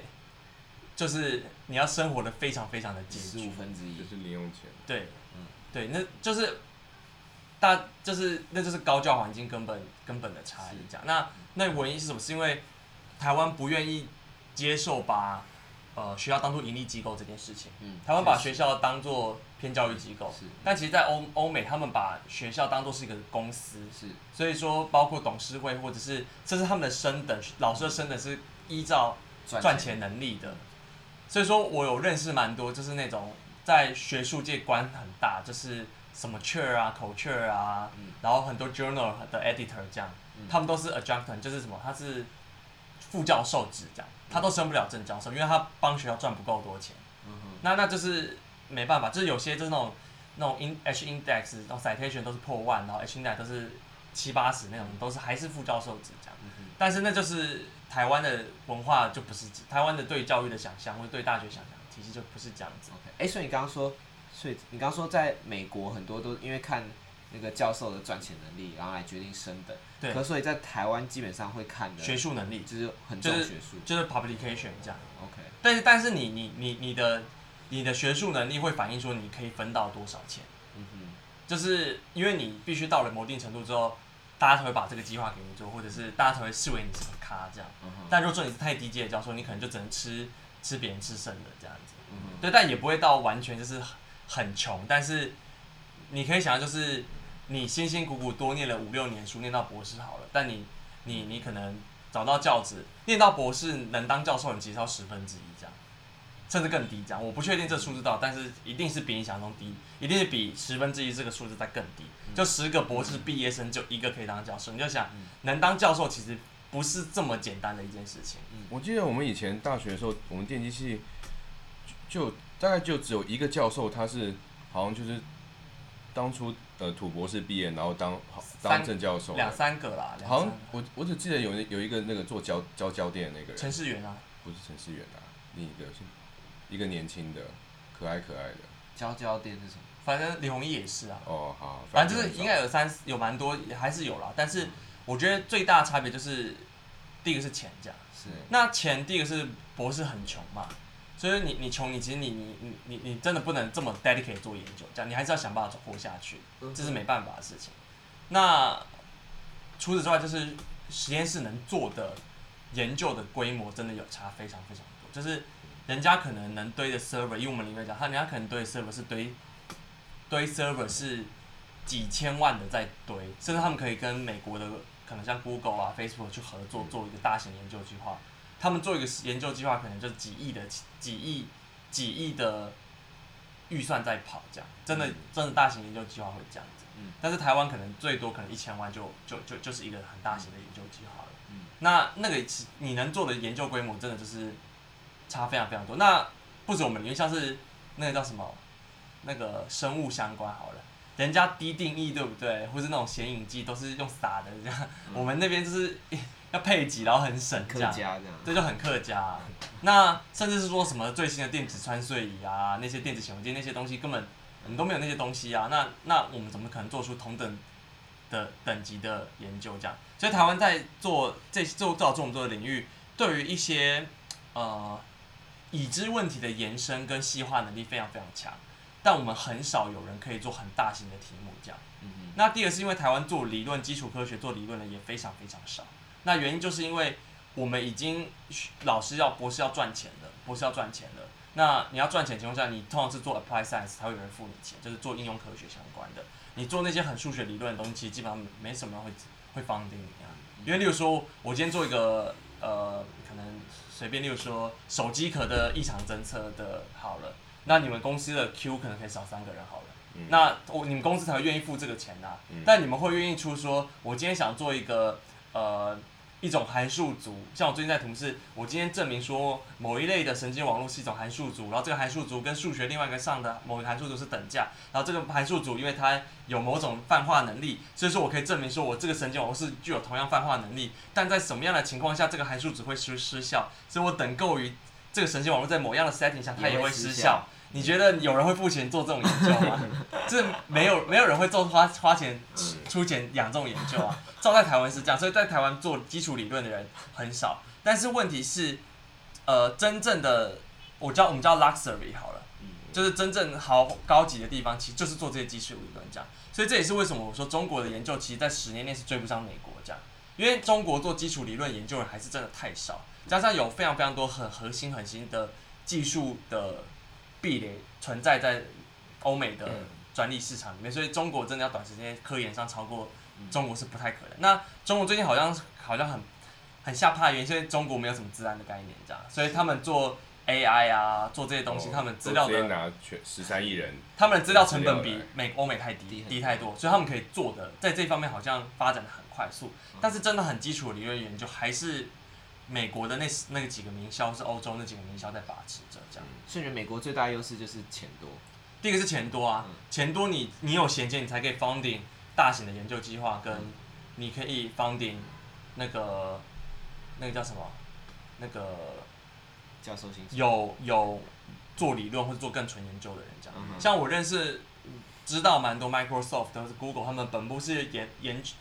就是你要生活的非常非常的拮據，五分之一就是零用錢。對，嗯，對，那就是大就是那就是高教環境根本根本的差異。講那那原因是什麼？是因為台灣不願意接受把呃學校當作盈利機構這件事情。嗯，台灣把學校當作偏教育機構，是。但其實在，在歐歐美，他們把學校當作是一個公司，是。所以說，包括董事會或者是這是他們的升等老師的升等是依照賺錢能力的。所以說，我有認識蠻多，就是那種在學術界官很大，就是什麼 chair 啊、co-chair 啊、嗯，然後很多 journal 的 editor 這樣，嗯、他們都是 adjunct，就是什麼，他是副教授職這樣、嗯，他都升不了正教授，因為他幫學校賺不夠多錢。嗯、那那就是沒辦法，就是有些就是那種那種 in, H index、citation 都是破萬，然後 H index 都是七八十那種，嗯、都是還是副教授職這樣、嗯。但是那就是。台灣的文化就不是台灣的對教育的想象，或者對大學想象其實就不是這樣子。OK，欸，所以你剛剛說，所以你剛剛說，在美國很多都因為看那個教授的賺錢能力，然後來決定升等。對。可所以在台灣基本上會看的學術能力，就是很重學術、就是，就是 publication 這樣。OK，但是但是你你你你的你的學術能力會反映說你可以分到多少錢？嗯哼，就是因為你必須到了某一定程度之後。大家才會把這個計劃給你做，或者是大家才會視為你是很咖這樣。但如果說你是太低階的教授，你可能就只能吃吃別人吃剩的這樣子。對，但也不會到完全就是很窮。但是你可以想象就是你辛辛苦苦多念了五六年書，念到博士好了，但你你你可能找到教職，念到博士能當教授，你其實才十分之一這樣，甚至更低這樣。我不確定這數字到，但是一定是比你想象中低。一定是比十分之一這個數字再更低。就十個博士畢業生，就一個可以當教授。嗯、你就想、嗯，能當教授其實不是這麼簡單的一件事情。嗯、我記得我們以前大學的時候，我們電機系就，就大概就只有一個教授，他是好像就是當初呃土博士畢業，然後當當正教授兩三個啦。好像我我只記得有有一個那個做焦焦焦電的那個陳世元啊，不是陳世元啊，另一個是，一個年輕的可愛可愛的焦焦電是什麼？反正李宏毅也是啊，哦、oh, 反正就是應該有三有蠻多還是有啦，但是我覺得最大的差別就是，第一個是錢這樣，是那錢第一個是博士很窮嘛，所以你你窮你其實你你你你你真的不能這麼 dedicated 做研究這樣，你還是要想辦法活下去、嗯，這是沒辦法的事情。那除此之外就是實驗室能做的研究的規模真的有差非常非常多，就是人家可能能堆的 server，因為我們裡面講他人家可能堆的 server 是堆。堆 server 是幾千萬的在堆，甚至他們可以跟美國的可能像 Google 啊 Facebook 去合作做一個大型的研究計劃。他們做一個研究計劃，可能就幾億的幾億幾億的預算在跑，這樣真的真的大型研究計劃會這樣子。但是台灣可能最多可能一千萬就就就就是一個很大型的研究計劃了。那那個你能做的研究規模，真的就是差非常非常多。那不止我們，因為像是那個叫什麼？那個生物相關好了，人家低定義，對不對？或是那種顯影劑都是用撒的這樣，嗯、我們那邊就是要配給，然後很省這樣，這樣就很客家。 [LAUGHS] 那甚至是說什麼最新的電子穿隧儀啊，那些電子顯微鏡那些東西根本我們都沒有那些東西啊。那那我們怎麼可能做出同等的，的等級的研究這樣？所以台灣在做這做造這種做的領域，對於一些呃已知問題的延伸跟細化能力非常非常強。但我們很少有人可以做很大型的題目這樣。嗯嗯那第二是因為台灣做理論基礎科學做理論的也非常非常少。那原因就是因為我們已經學老師要博士要賺錢的，博士要賺錢的。那你要賺錢的情況下，你通常是做 apply science 才會有人付你錢，就是做應用科學相關的。你做那些很數學理論的東西，基本上沒什麼人會會 fund 你啊、嗯嗯。因為例如說，我今天做一個呃，可能隨便，例如說手機殼的異常偵測的，好了。那你們公司的 Q 可能可以少三個人好了。嗯、那我你們公司才會願意付這個錢吶、啊嗯？但你們會願意出說，我今天想做一個呃一種函數族，像我最近在從事，我今天證明說某一類的神經網絡是一種函數族，然後這個函數族跟數學另外一個上的某一個函數族是等價，然後這個函數族因為它有某種泛化能力，所以說我可以證明說我這個神經網絡是具有同樣泛化能力，但在什麼樣的情況下這個函數族會失失效？所以我等夠於這個神經網絡在某樣的 setting 下也它也會失效。你覺得有人會付錢做這種研究嗎？這 [LAUGHS] 沒有，沒有人會做，花花錢出錢養這種研究啊。照在台灣是這樣，所以在台灣做基礎理論的人很少。但是問題是，呃，真正的我叫我們叫 luxury 好了，就是真正好高級的地方，其實就是做這些基礎理論這樣。所以這也是為什麼我說中國的研究，其實在十年內是追不上美國這樣，因為中國做基礎理論研究人還是真的太少，加上有非常非常多很核心很新的技術的。壁壘存在在歐美的專利市場裡面，嗯，所以中國真的要短時間科研上超過中國是不太可能。嗯、那中國最近好像好像很很嚇怕的原因，原先中國沒有什麼資安的概念，這樣，所以他們做 AI 啊，做這些東西，哦、他們資料的拿全十三億人，他們的資料成本比美歐美太低，嗯、低太多，所以他們可以做的在這方面好像發展的很快速，但是真的很基礎的理論研究還是美國的那那幾個名校是歐洲那幾個名校在把持着，這樣。所、嗯、以，美國最大的優勢就是錢多。第一個是錢多啊，錢、嗯、多你你有銜接，你才可以 funding 大型的研究計劃，跟你可以 funding 那個、嗯那個、那個叫什麼？那個教授心有有做理論或者做更純研究的人，這樣、嗯。像我認識知道蠻多 Microsoft 或是 Google，他們本部是研研究。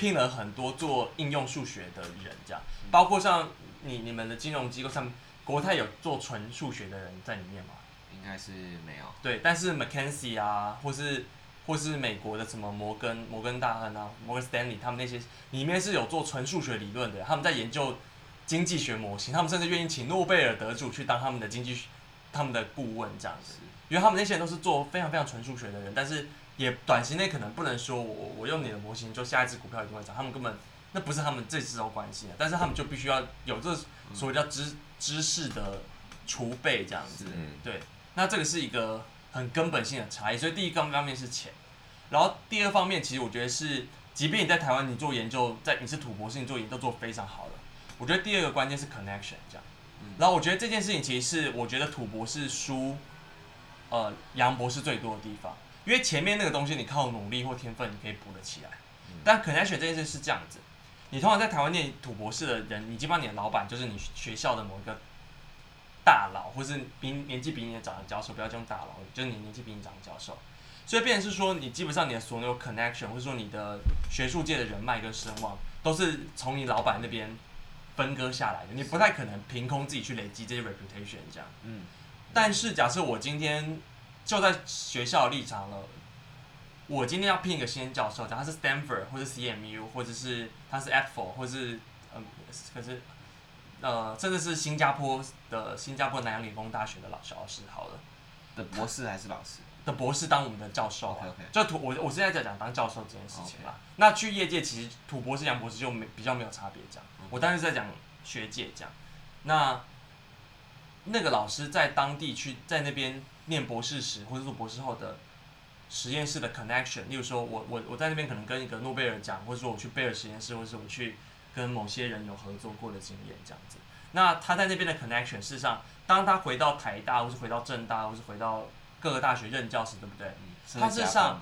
聘了很多做應用數學的人，這樣，包括像你你們的金融機構上，像國泰有做純數學的人在裡面嗎？應該是沒有。對，但是 McKenzie 啊，或是或是美國的什麼摩根摩根大亨啊，摩根斯坦利，他們那些裡面是有做純數學理論的，他們在研究經濟學模型，他們甚至願意請諾貝爾得主去當他們的經濟學他們的顧問這樣子，因為他們那些人都是做非常非常純數學的人，但是。也短期內可能不能說我，我我用你的模型就下一隻股票一定會漲，他們根本那不是他們這之間的關係，但是他們就必須要有這所謂叫知、嗯、知識的儲備這樣子、嗯，對，那這個是一個很根本性的差異。所以第一方面是錢，然後第二方面其實我覺得是，即便你在台灣你做研究，在你是土博士，你做研究都做非常好的。我覺得第二個關鍵是 connection 這樣，然後我覺得這件事情其實是我覺得土博士輸，呃，洋博士最多的地方。因為前面那個東西，你靠努力或天分，你可以補得起來。嗯。但 connection 這件事是這樣子，你通常在台灣念土博士的人，你基本上你的老闆，就是你學校的某一個大佬，或是比你年紀比你長的教授，不要叫大佬，就是你年紀比你長的教授。所以，變成是說，你基本上你的所有 connection 或者說你的學術界的人脈跟聲望，都是從你老闆那邊分割下來的。你不太可能憑空自己去累積這些 reputation 這樣。嗯。嗯。但是假設我今天。就在學校立場了。我今天要聘一個新教授，講他是 Stanford 或者 CMU 或者是他是 Apple 或者是呃，可是呃，甚至是新加坡的新加坡南洋理工大學的老老師，好了，的博士還是老師的博士當我們的教授。啊，okay, okay. 就土我我現在在講當教授這件事情嘛。啊。Okay. 那去業界其實土博士、洋博士就沒比較沒有差別講。我當時在講學界講，那那個老師在當地去在那邊。念博士時或者做博士後的實驗室的 connection，例如說我我我在那邊可能跟一個諾貝爾獎，或者說我去貝爾實驗室，或者是我去跟某些人有合作過的經驗這樣子。那他在那邊的 connection，事實上當他回到台大或是回到政大或是回到各個大學任教時，對不對？是他是上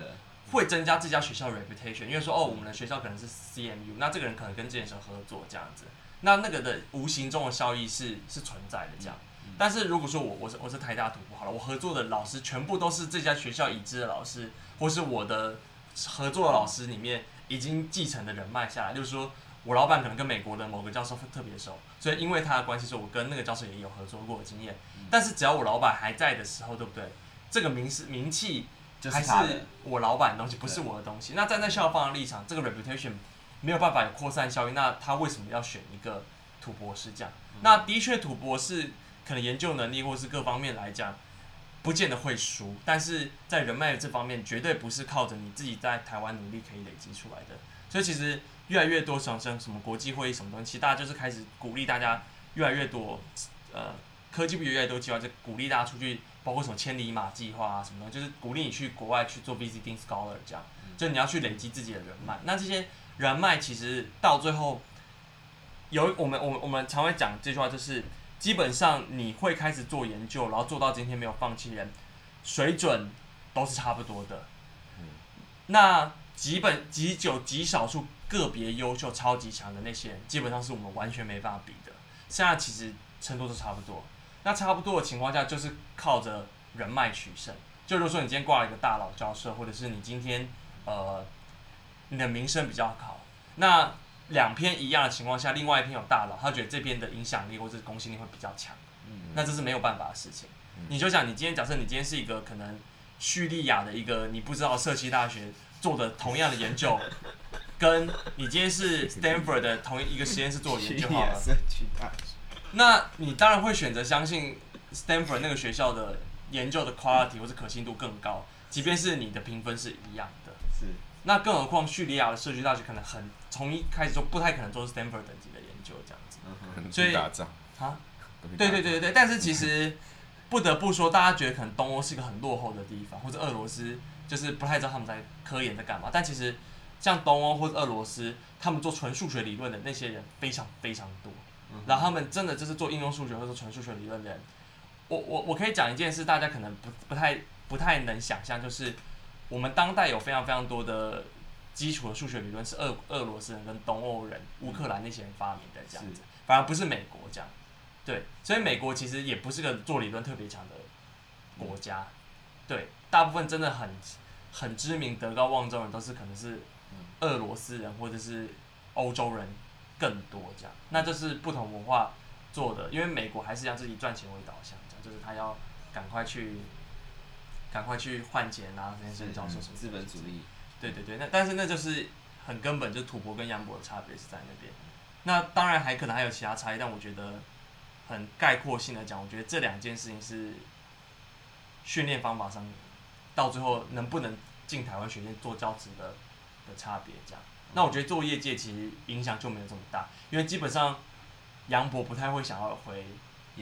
會增加這家學校的 reputation，因為說哦，我們的學校可能是 CMU、嗯、那這個人可能跟這些人合作這樣子，那那個的無形中的效益是是存在的這樣。嗯但是如果說我我是我是台大土博好了，我合作的老師全部都是這家學校已知的老師，或是我的合作的老師裡面已經繼承的人脈下來，就是說我老板可能跟美國的某個教授特別熟，所以因為他的關係，所以我跟那個教授也有合作過的經驗。但是只要我老板還在的時候，對不對？這個名名氣還是我老板的東西，不是我的東西。那站在校方的立場，這個 reputation 沒有辦法擴散效應，那他為什麼要選一個土博士這樣？那的確土博士。可能研究能力或是各方面來講，不見得會輸，但是在人脈這方面，絕對不是靠着你自己在台灣努力可以累積出來的。所以其實越來越多學生什麼國際會議什麼東西，其實大家就是開始鼓勵大家越來越多，呃，科技部也越來越多計劃，就鼓勵大家出去，包括什麼千里馬計劃啊什麼的，就是鼓勵你去國外去做 visiting scholar 這樣，就你要去累積自己的人脈。那這些人脈其實到最後，有我們我們我們常會講這句話，就是。基本上你會開始做研究，然後做到今天沒有放棄人，水準都是差不多的。那基本極久極少數個別優秀超級強的那些，基本上是我們完全沒辦法比的。現在其實程度都差不多。那差不多的情況下，就是靠着人脈取勝。就比如說你今天掛了一個大佬教授，或者是你今天，呃，你的名聲比較好，那。兩篇一樣的情況下，另外一篇有大佬，他覺得這邊的影響力或者公信力會比較強，嗯，那這是沒有辦法的事情。嗯，你就想，你今天假設你今天是一個可能敘利亞的一個你不知道社區大學做的同樣的研究， [LAUGHS] 跟你今天是 Stanford 的同一個實驗室做的研究好了， [LAUGHS] 那你當然會選擇相信 Stanford 那個學校的研究的 quality，嗯，或者可信度更高，即便是你的評分是一樣的，是。那更何況敘利亞的社區大學可能很從一開始就不太可能做 s t a Stanford 等級的研究這樣子，所以打仗啊？對對對對對。但是其實 [LAUGHS] 不得不說，大家覺得可能東歐是一個很落後的地方，或者俄羅斯就是不太知道他們在科研在幹嘛。但其實像東歐或者俄羅斯，他們做純數學理論的那些人非常非常多，嗯，然後他們真的就是做應用數學或者純數學理論的人。我我我可以講一件事，大家可能不不太不太能想象，就是。我們當代有非常非常多的基礎的數學理論是俄俄羅斯人跟東歐人、烏克蘭那些人發明的這樣子，嗯，反而不是美國這樣。對，所以美國其實也不是個做理論特別強的國家。嗯、對，大部分真的很很知名、德高望重的人都是可能是俄羅斯人或者是歐洲人更多這樣。嗯、那這是不同文化做的，因為美國還是要自己賺錢為導向這樣，就是他要趕快去。趕快去換錢啊！這些教授什麼資本主義？對對對，那但是那就是很根本，就土博跟洋博的差別是在那邊。那當然還可能還有其他差異，但我覺得很概括性的講，我覺得這兩件事情是訓練方法上到最後能不能進台灣學院做教職的的差別。這樣，那我覺得做業界其實影響就沒有這麼大，因為基本上洋博不太會想要回。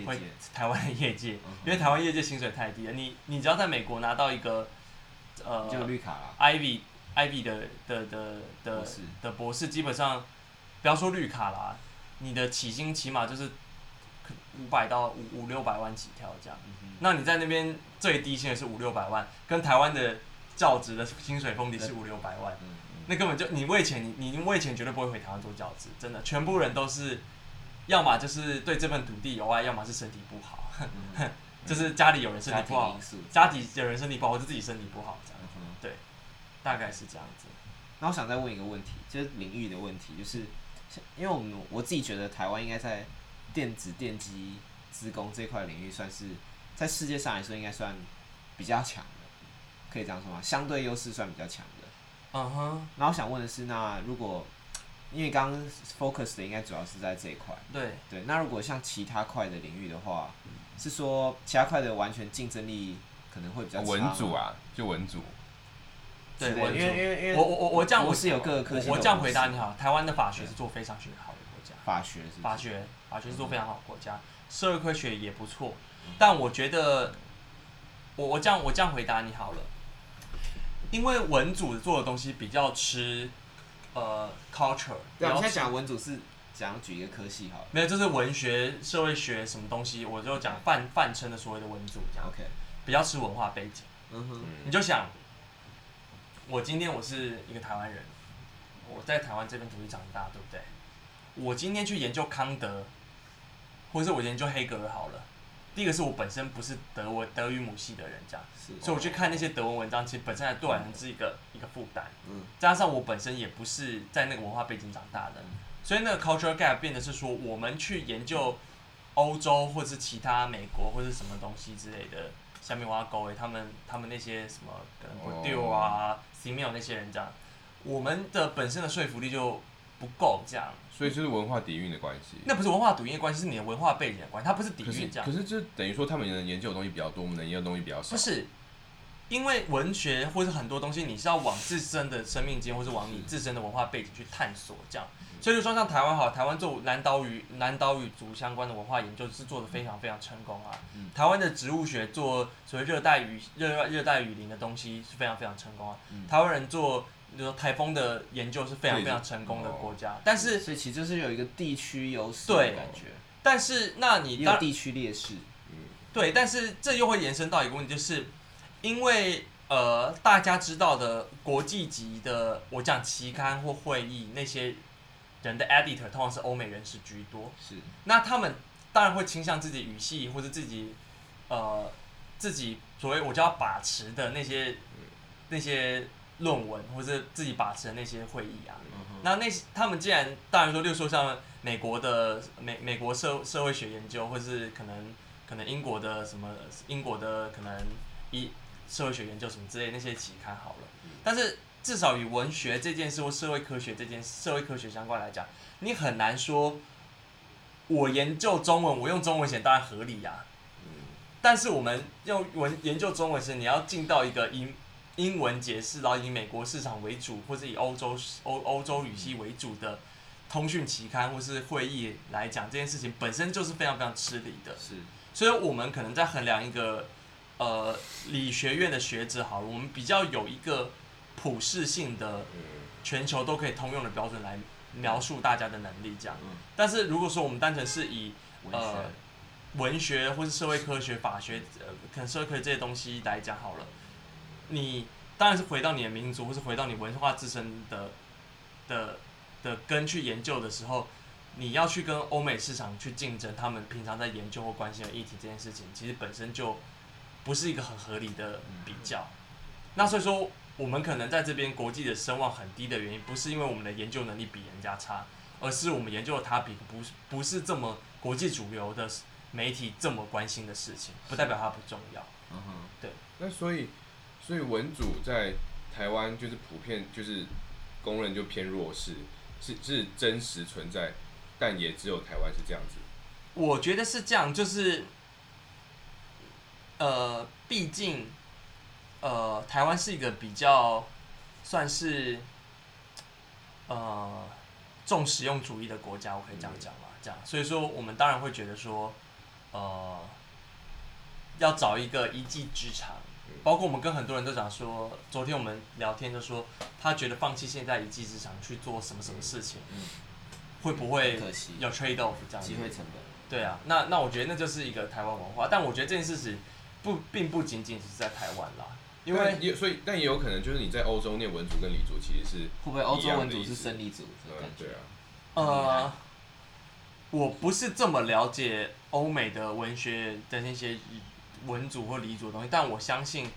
回台灣的業界，因為台灣業界薪水太低了。你你只要在美國拿到一個呃就綠卡啦，Ivy Ivy IV 的的的的博，的博士，基本上不要說綠卡啦，你的起薪起碼就是500 5,、嗯、五百到五五六百萬起跳這樣。嗯、那你在那邊最低薪也是五六百萬，跟台灣的教職的薪水封頂是五六百萬，嗯嗯，那根本就你為錢你你為錢絕對不會回台灣做教職，真的，全部人都是。要麼就是對這份土地有愛，要麼是身體不好、嗯嗯，就是家裡有人身體不好，家裡有人身體不好，或者自己身體不好這樣、嗯，對，大概是這樣子。那我想再問一個問題，就是領域的問題，就是因為我們我自己覺得台灣應該在電子電機資工這塊領域，算是在世界上來說應該算比較強的，可以這樣說嗎？相對優勢算比較強的，嗯哼。那我想問的是，那如果因為剛剛 focus 的應該主要是在這一塊，對對。那如果像其他塊的領域的話，嗯，是說其他塊的完全競爭力可能會比較差。文組啊，就文組。對，因為因為因為我我我我這樣我是有個科我，我，我這樣回答你好。台灣的法學是做非常學好的國家，法學是法學法學是做非常好的國家，是是國家，嗯，社會科學也不錯。但我覺得我我這樣我這樣回答你好了，因為文組做的東西比較吃。呃、uh，culture，對、啊，我們現在講文組是講舉一個科系好了，沒有，就是文學、社會學什麼東西，我就講泛泛稱的所謂的文組，OK，比較吃文化背景，嗯哼，你就想，我今天我是一個台灣人，我在台灣這邊獨立長大，對不對？我今天去研究康德，或者是我研究黑格爾好了。第一個是我本身不是德文德語母系的人家，所以我去看那些德文文章，其實本身還對我來說是一個、嗯、一個負擔。嗯，加上我本身也不是在那個文化背景長大的，嗯、所以那個 cultural gap 變的是說，我們去研究歐洲或是其他美國或是什麼東西之類的，像米沃高他們他們那些什麼布迪厄啊、西美爾那些人這樣，我們的本身的說服力就不夠這樣。所以這是文化底蘊的關係，嗯，那不是文化底蘊的關係，是你的文化背景的關係，它不是底蘊這樣。可是，可是這等於說他們能研究的東西比較多，我們能研究的東西比較少。不是，因為文學或者很多東西，你是要往自身的生命間或是往你自身的文化背景去探索這樣。所以說，像台灣好，台灣做南島語、南島語族相關的文化研究是做得非常非常成功啊。嗯、台灣的植物學做所謂熱帶雨、熱、熱帶雨林的東西是非常非常成功啊。嗯、台灣人做。你說台風的研究是非常非常成功的國家，但是所以，哦，其實是有一個地區有所感覺，但是，哦，那你當地區劣勢，對，嗯、但是這又會延伸到一個問題，就是因為呃大家知道的國際級的我講期刊或會議那些人的 editor 通常是歐美人士居多，是那他們當然會傾向自己語系或者自己呃自己所謂我就要把持的那些，嗯、那些。論文或者自己把持的那些會議啊，嗯、哼那那些他們既然當然說，例如說像美國的美美國社社會學研究，或者是可能可能英國的什麼英國的可能一社會學研究什麼之類的那些期刊好了，嗯、但是至少與文學這件事或社會科學這件事社會科學相關來講，你很難說，我研究中文，我用中文寫當然合理呀、啊嗯，但是我們用文研究中文時，你要進到一個英，英文解釋，然後以美國市場為主，或是以歐洲歐歐洲語系為主的通訊期刊或是會議來講，這件事情本身就是非常非常吃力的。是，所以我們可能在衡量一個呃理學院的學子好了，我們比較有一個普適性的、全球都可以通用的標準來描述大家的能力。這樣、嗯，但是如果說我們單純是以呃文學、文學或是社會科學、法學呃可能社會科學這些東西來講好了。你當然是回到你的民族，或是回到你文化自身的的的根去研究的時候，你要去跟歐美市場去競爭，他們平常在研究或關心的議題這件事情，其實本身就不是一個很合理的比較。那所以說，我們可能在這邊國際的聲望很低的原因，不是因為我們的研究能力比人家差，而是我們研究的它比不是不是這麼國際主流的媒體這麼關心的事情，不代表它不重要。嗯哼，對。那所以。所以文組在台灣就是普遍就是公認，就偏弱勢，是是真實存在，但也只有台灣是這樣子。我覺得是這樣，就是，呃，畢竟，呃，台灣是一個比較算是，呃，重實用主義的國家，我可以這樣講嗎？嗯。這樣，所以說我們當然會覺得說，呃，要找一個一技之長。包括我們跟很多人都講說，昨天我們聊天就說，他覺得放棄現在一技之長去做什麼什麼事情，嗯嗯、會不會有 trade off 這樣機會成本？對啊，那那我覺得那就是一個台灣文化、嗯，但我覺得這件事情不並不僅僅只是在台灣啦，因為所以但也有可能就是你在歐洲念文組跟理組其實是會不會歐洲文組是生理組的感覺，嗯、對啊，呃，我不是這麼了解歐美的文學的那些。文組或理組的東西，但我相信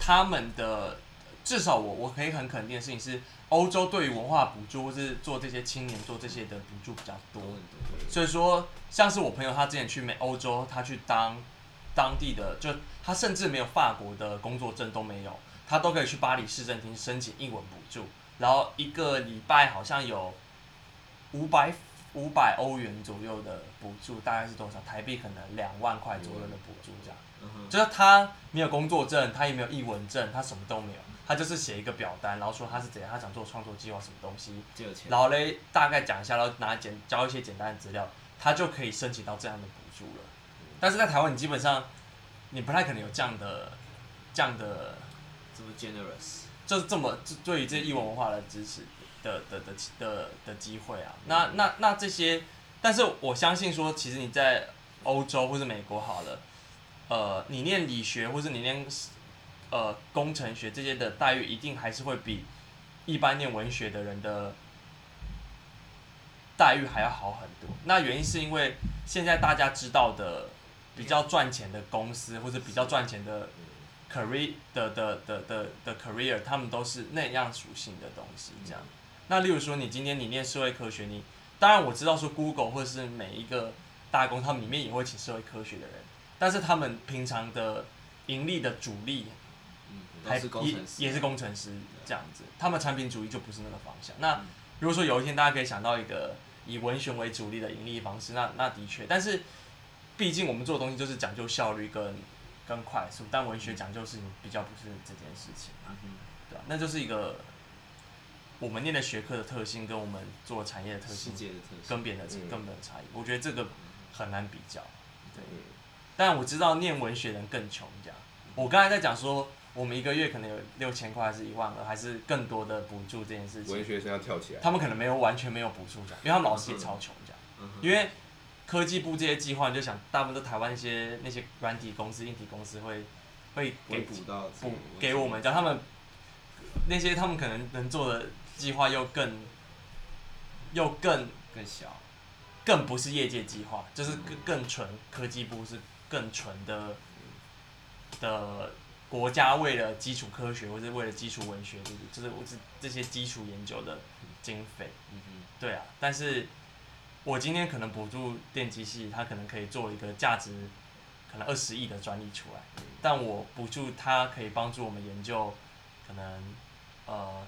他們的至少我我可以很肯定的事情是，歐洲對於文化補助或者是做這些青年做這些的補助比較多。所以說，像是我朋友他之前去美歐洲，他去當當地的，就他甚至沒有法國的工作證都沒有，他都可以去巴黎市政廳申請英文補助，然後一個禮拜好像有五百。五百歐元左右的補助大概是多少？台幣可能兩萬塊左右的補助，這樣。嗯哼。就是他沒有工作證，他也沒有藝文證，他什麼都沒有，他就是寫一個表單，然後說他是怎樣，他想做創作計劃什麼東西，就有錢。然後嘞，大概講一下，然後拿簡交一些簡單的資料，他就可以申請到這樣的補助了。嗯。但是在台灣，你基本上你不太可能有這樣的這樣的這麼 generous，就是這麼對於這些藝文文化的支持。的的的的的機會啊，那那那這些，但是我相信說，其實你在歐洲或是美國好了，呃，你念理學或是你念呃工程學這些的待遇，一定還是會比一般念文學的人的待遇還要好很多。那原因是因為現在大家知道的比較賺錢的公司或者比較賺錢的 career 的的的的的 career，他們都是那樣屬性的東西，這樣。那例如說，你今天你念社會科學，你當然我知道說，Google 或是每一個大公，他們裡面也會請社會科學的人，但是他們平常的盈利的主力還，嗯，是工程師也，也是工程師這樣子，他們產品主義就不是那個方向。那如果說有一天大家可以想到一個以文學為主力的盈利方式，那那的確，但是畢竟我們做的東西就是講究效率跟跟快速，但文學講究是比較不是這件事情，嗯、對吧？那就是一個。我們念的學科的特性跟我們做產業的特性，跟別的根本、嗯、差異、嗯，我覺得這個很難比較。對、嗯，但我知道念文學人更窮，這樣。嗯、我剛才在講說，我們一個月可能有六千塊，是一萬個，還是更多的補助這件事情。文學生要跳起來，他們可能沒有完全沒有補助，這樣，因為他們老師也超窮，這樣嗯嗯、因為科技部這些計劃，就想大部分都台灣一些那些軟體公司、硬體公司會會給會補，補給我們，叫他們那些他們可能能做的。計劃又更、又更更小，更不是業界計劃，就是更更純科技部，是更純的、嗯、的國家為了基礎科學或者為了基礎文學，就是我這些基礎研究的經費，嗯對啊，但是我今天可能補助電機系，它可能可以做一個價值可能二十億的專利出來，嗯、但我補助它可以幫助我們研究，可能呃。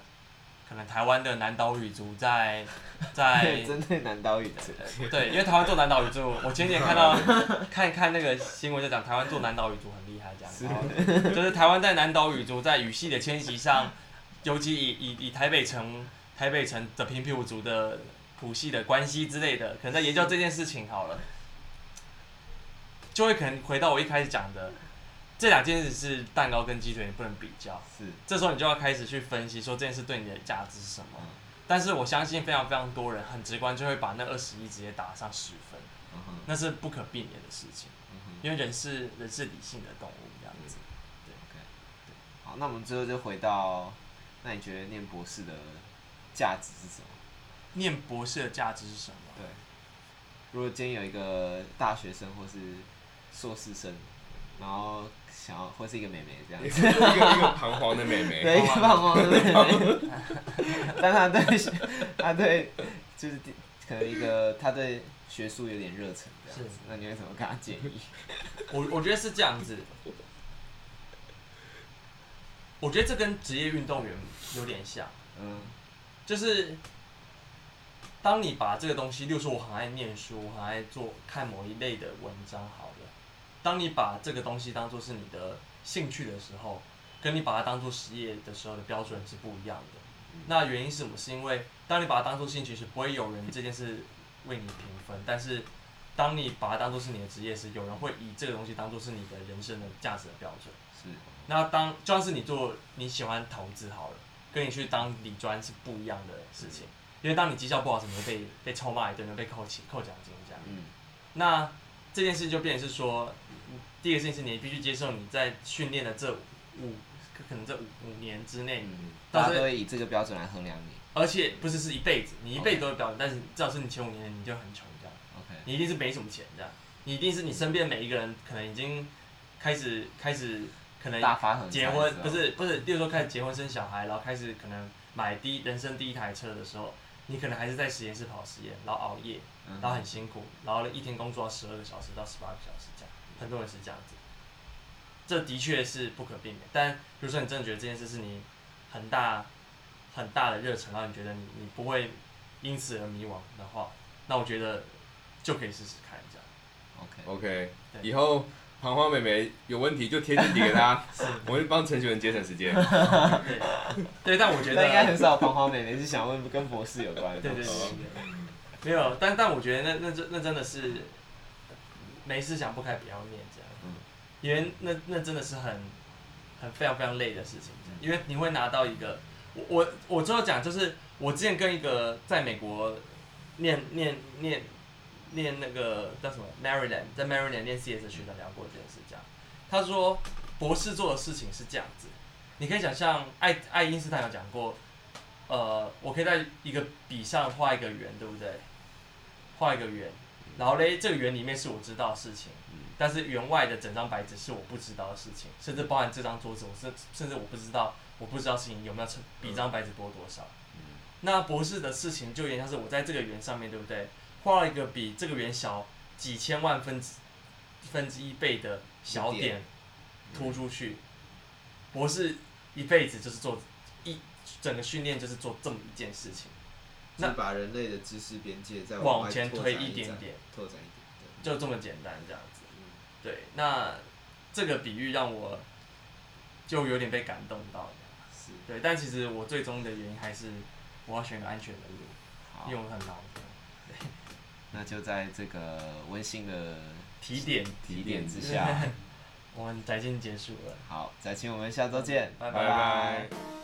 可能台灣的南島語族在，在針對南島語族，對，因為台灣做南島語族，我前幾天看到看一看那個新聞在講台灣做南島語族很厲害，這樣，就是台灣在南島語族在語系的遷徙上，尤其以以以台北城台北城的平平埔族、族的譜系的關係之類的，可能在研究這件事情好了，就會可能回到我一開始講的。這兩件事是蛋糕跟雞腿，你不能比較。是，這時候你就要開始去分析，說這件事對你的價值是什麼。嗯。但是我相信非常非常多人很直觀就會把那二十一直接打上十分、嗯，那是不可避免的事情。嗯、因為人是人是理性的動物這樣子。嗯、對，OK，對，好，那我們最後就回到，那你覺得念博士的價值是什麼？念博士的價值是什麼？對。如果今天有一個大學生或是碩士生，然後。想要，或是一個妹妹這樣子， [LAUGHS] 一個一個彷徨的妹妹， [LAUGHS] 對，一個彷徨的妹妹。 [LAUGHS] 但他對學，他對，就是可能一個他對學術有點熱忱這樣子，是，那你會怎麼跟他建議？ [LAUGHS] 我我覺得是這樣子。我覺得這跟職業運動員有點像， [LAUGHS] 嗯，就是當你把這個東西，例如說我很愛念書，我很愛做看某一類的文章。當你把這個東西當做是你的興趣的時候，跟你把它當做事業的時候的標準是不一樣的。那原因是什麼？是因為當你把它當做興趣時，不會有人這件事為你評分；但是，當你把它當做是你的職業時，有人會以這個東西當做是你的人生的價值的標準。是。那當，就像是你做你喜歡投資好了，跟你去當理專是不一樣的事情。因為當你績效不好，怎麼會被被臭罵一頓，被扣錢、扣獎金這樣。嗯。那這件事就變成是說。第一個事情是你必須接受你在訓練的這五,五可能這五,五年之內、嗯，大家都會以這個標準來衡量你。而且不是是一輩子，你一輩子都有標準，okay. 但是至少是你前五年你就很窮這樣。OK。你一定是沒什麼錢這樣，你一定是你身邊每一個人可能已經開始、嗯、開始可能結婚，很是哦、不是不是，例如說開始結婚生小孩，嗯、然後開始可能買第一人生第一台車的時候，你可能還是在實驗室跑實驗，然後熬夜，然後很辛苦，嗯、然後一天工作十二個小時到十八個小時這樣。很多人是這樣子，這的確是不可避免。但比如說你真的覺得這件事是你很大很大的熱忱，然後你覺得你，你不會因此而迷惘的話，那我覺得就可以試試看一下。OK OK。以後彭花妹妹有問題就天天遞給她， [LAUGHS] 我會幫陳璽文節省時間 [LAUGHS] 。對，但我覺得 [LAUGHS] 應該很少彭花妹妹是想問跟博士有關的。 [LAUGHS] 對對對， [LAUGHS] 沒有。但但我覺得那那真那真的是。沒事，想不開不要念這樣。因為那那真的是很很非常非常累的事情，因為你會拿到一個我我我最後講，就是我之前跟一個在美國念念念念那個叫什麼 Maryland，在 Maryland 念 CS 的學長聊過的這件事，這樣他說，博士做的事情是這樣子，你可以想象愛愛因斯坦有講過，呃，我可以在一個筆上畫一個圓，對不對？畫一個圓。然後嘞，這個圓裡面是我知道的事情，但是圓外的整張白紙是我不知道的事情，甚至包含這張桌子，我甚甚至我不知道，我不知道事情有沒有成比張白紙多多少、嗯。那博士的事情就原像是我在這個圓上面對不對，畫了一個比這個圓小幾千萬分之分之一倍的小點，突出去、嗯。博士一輩子就是做一整個訓練，就是做這麼一件事情。再把人類的知識邊界再往，往前推一點點，拓展一點對，就這麼簡單，這樣子、嗯。對。那這個比喻讓我就有點被感動到。是。對，但其實我最終的原因還是我要選個安全的路、嗯，因為我很忙。對。那就在這個溫馨的提點提點、點、點、點之下， [LAUGHS] 我們宅青結束了。好，宅青，我們下周見、嗯，拜拜拜拜。拜拜。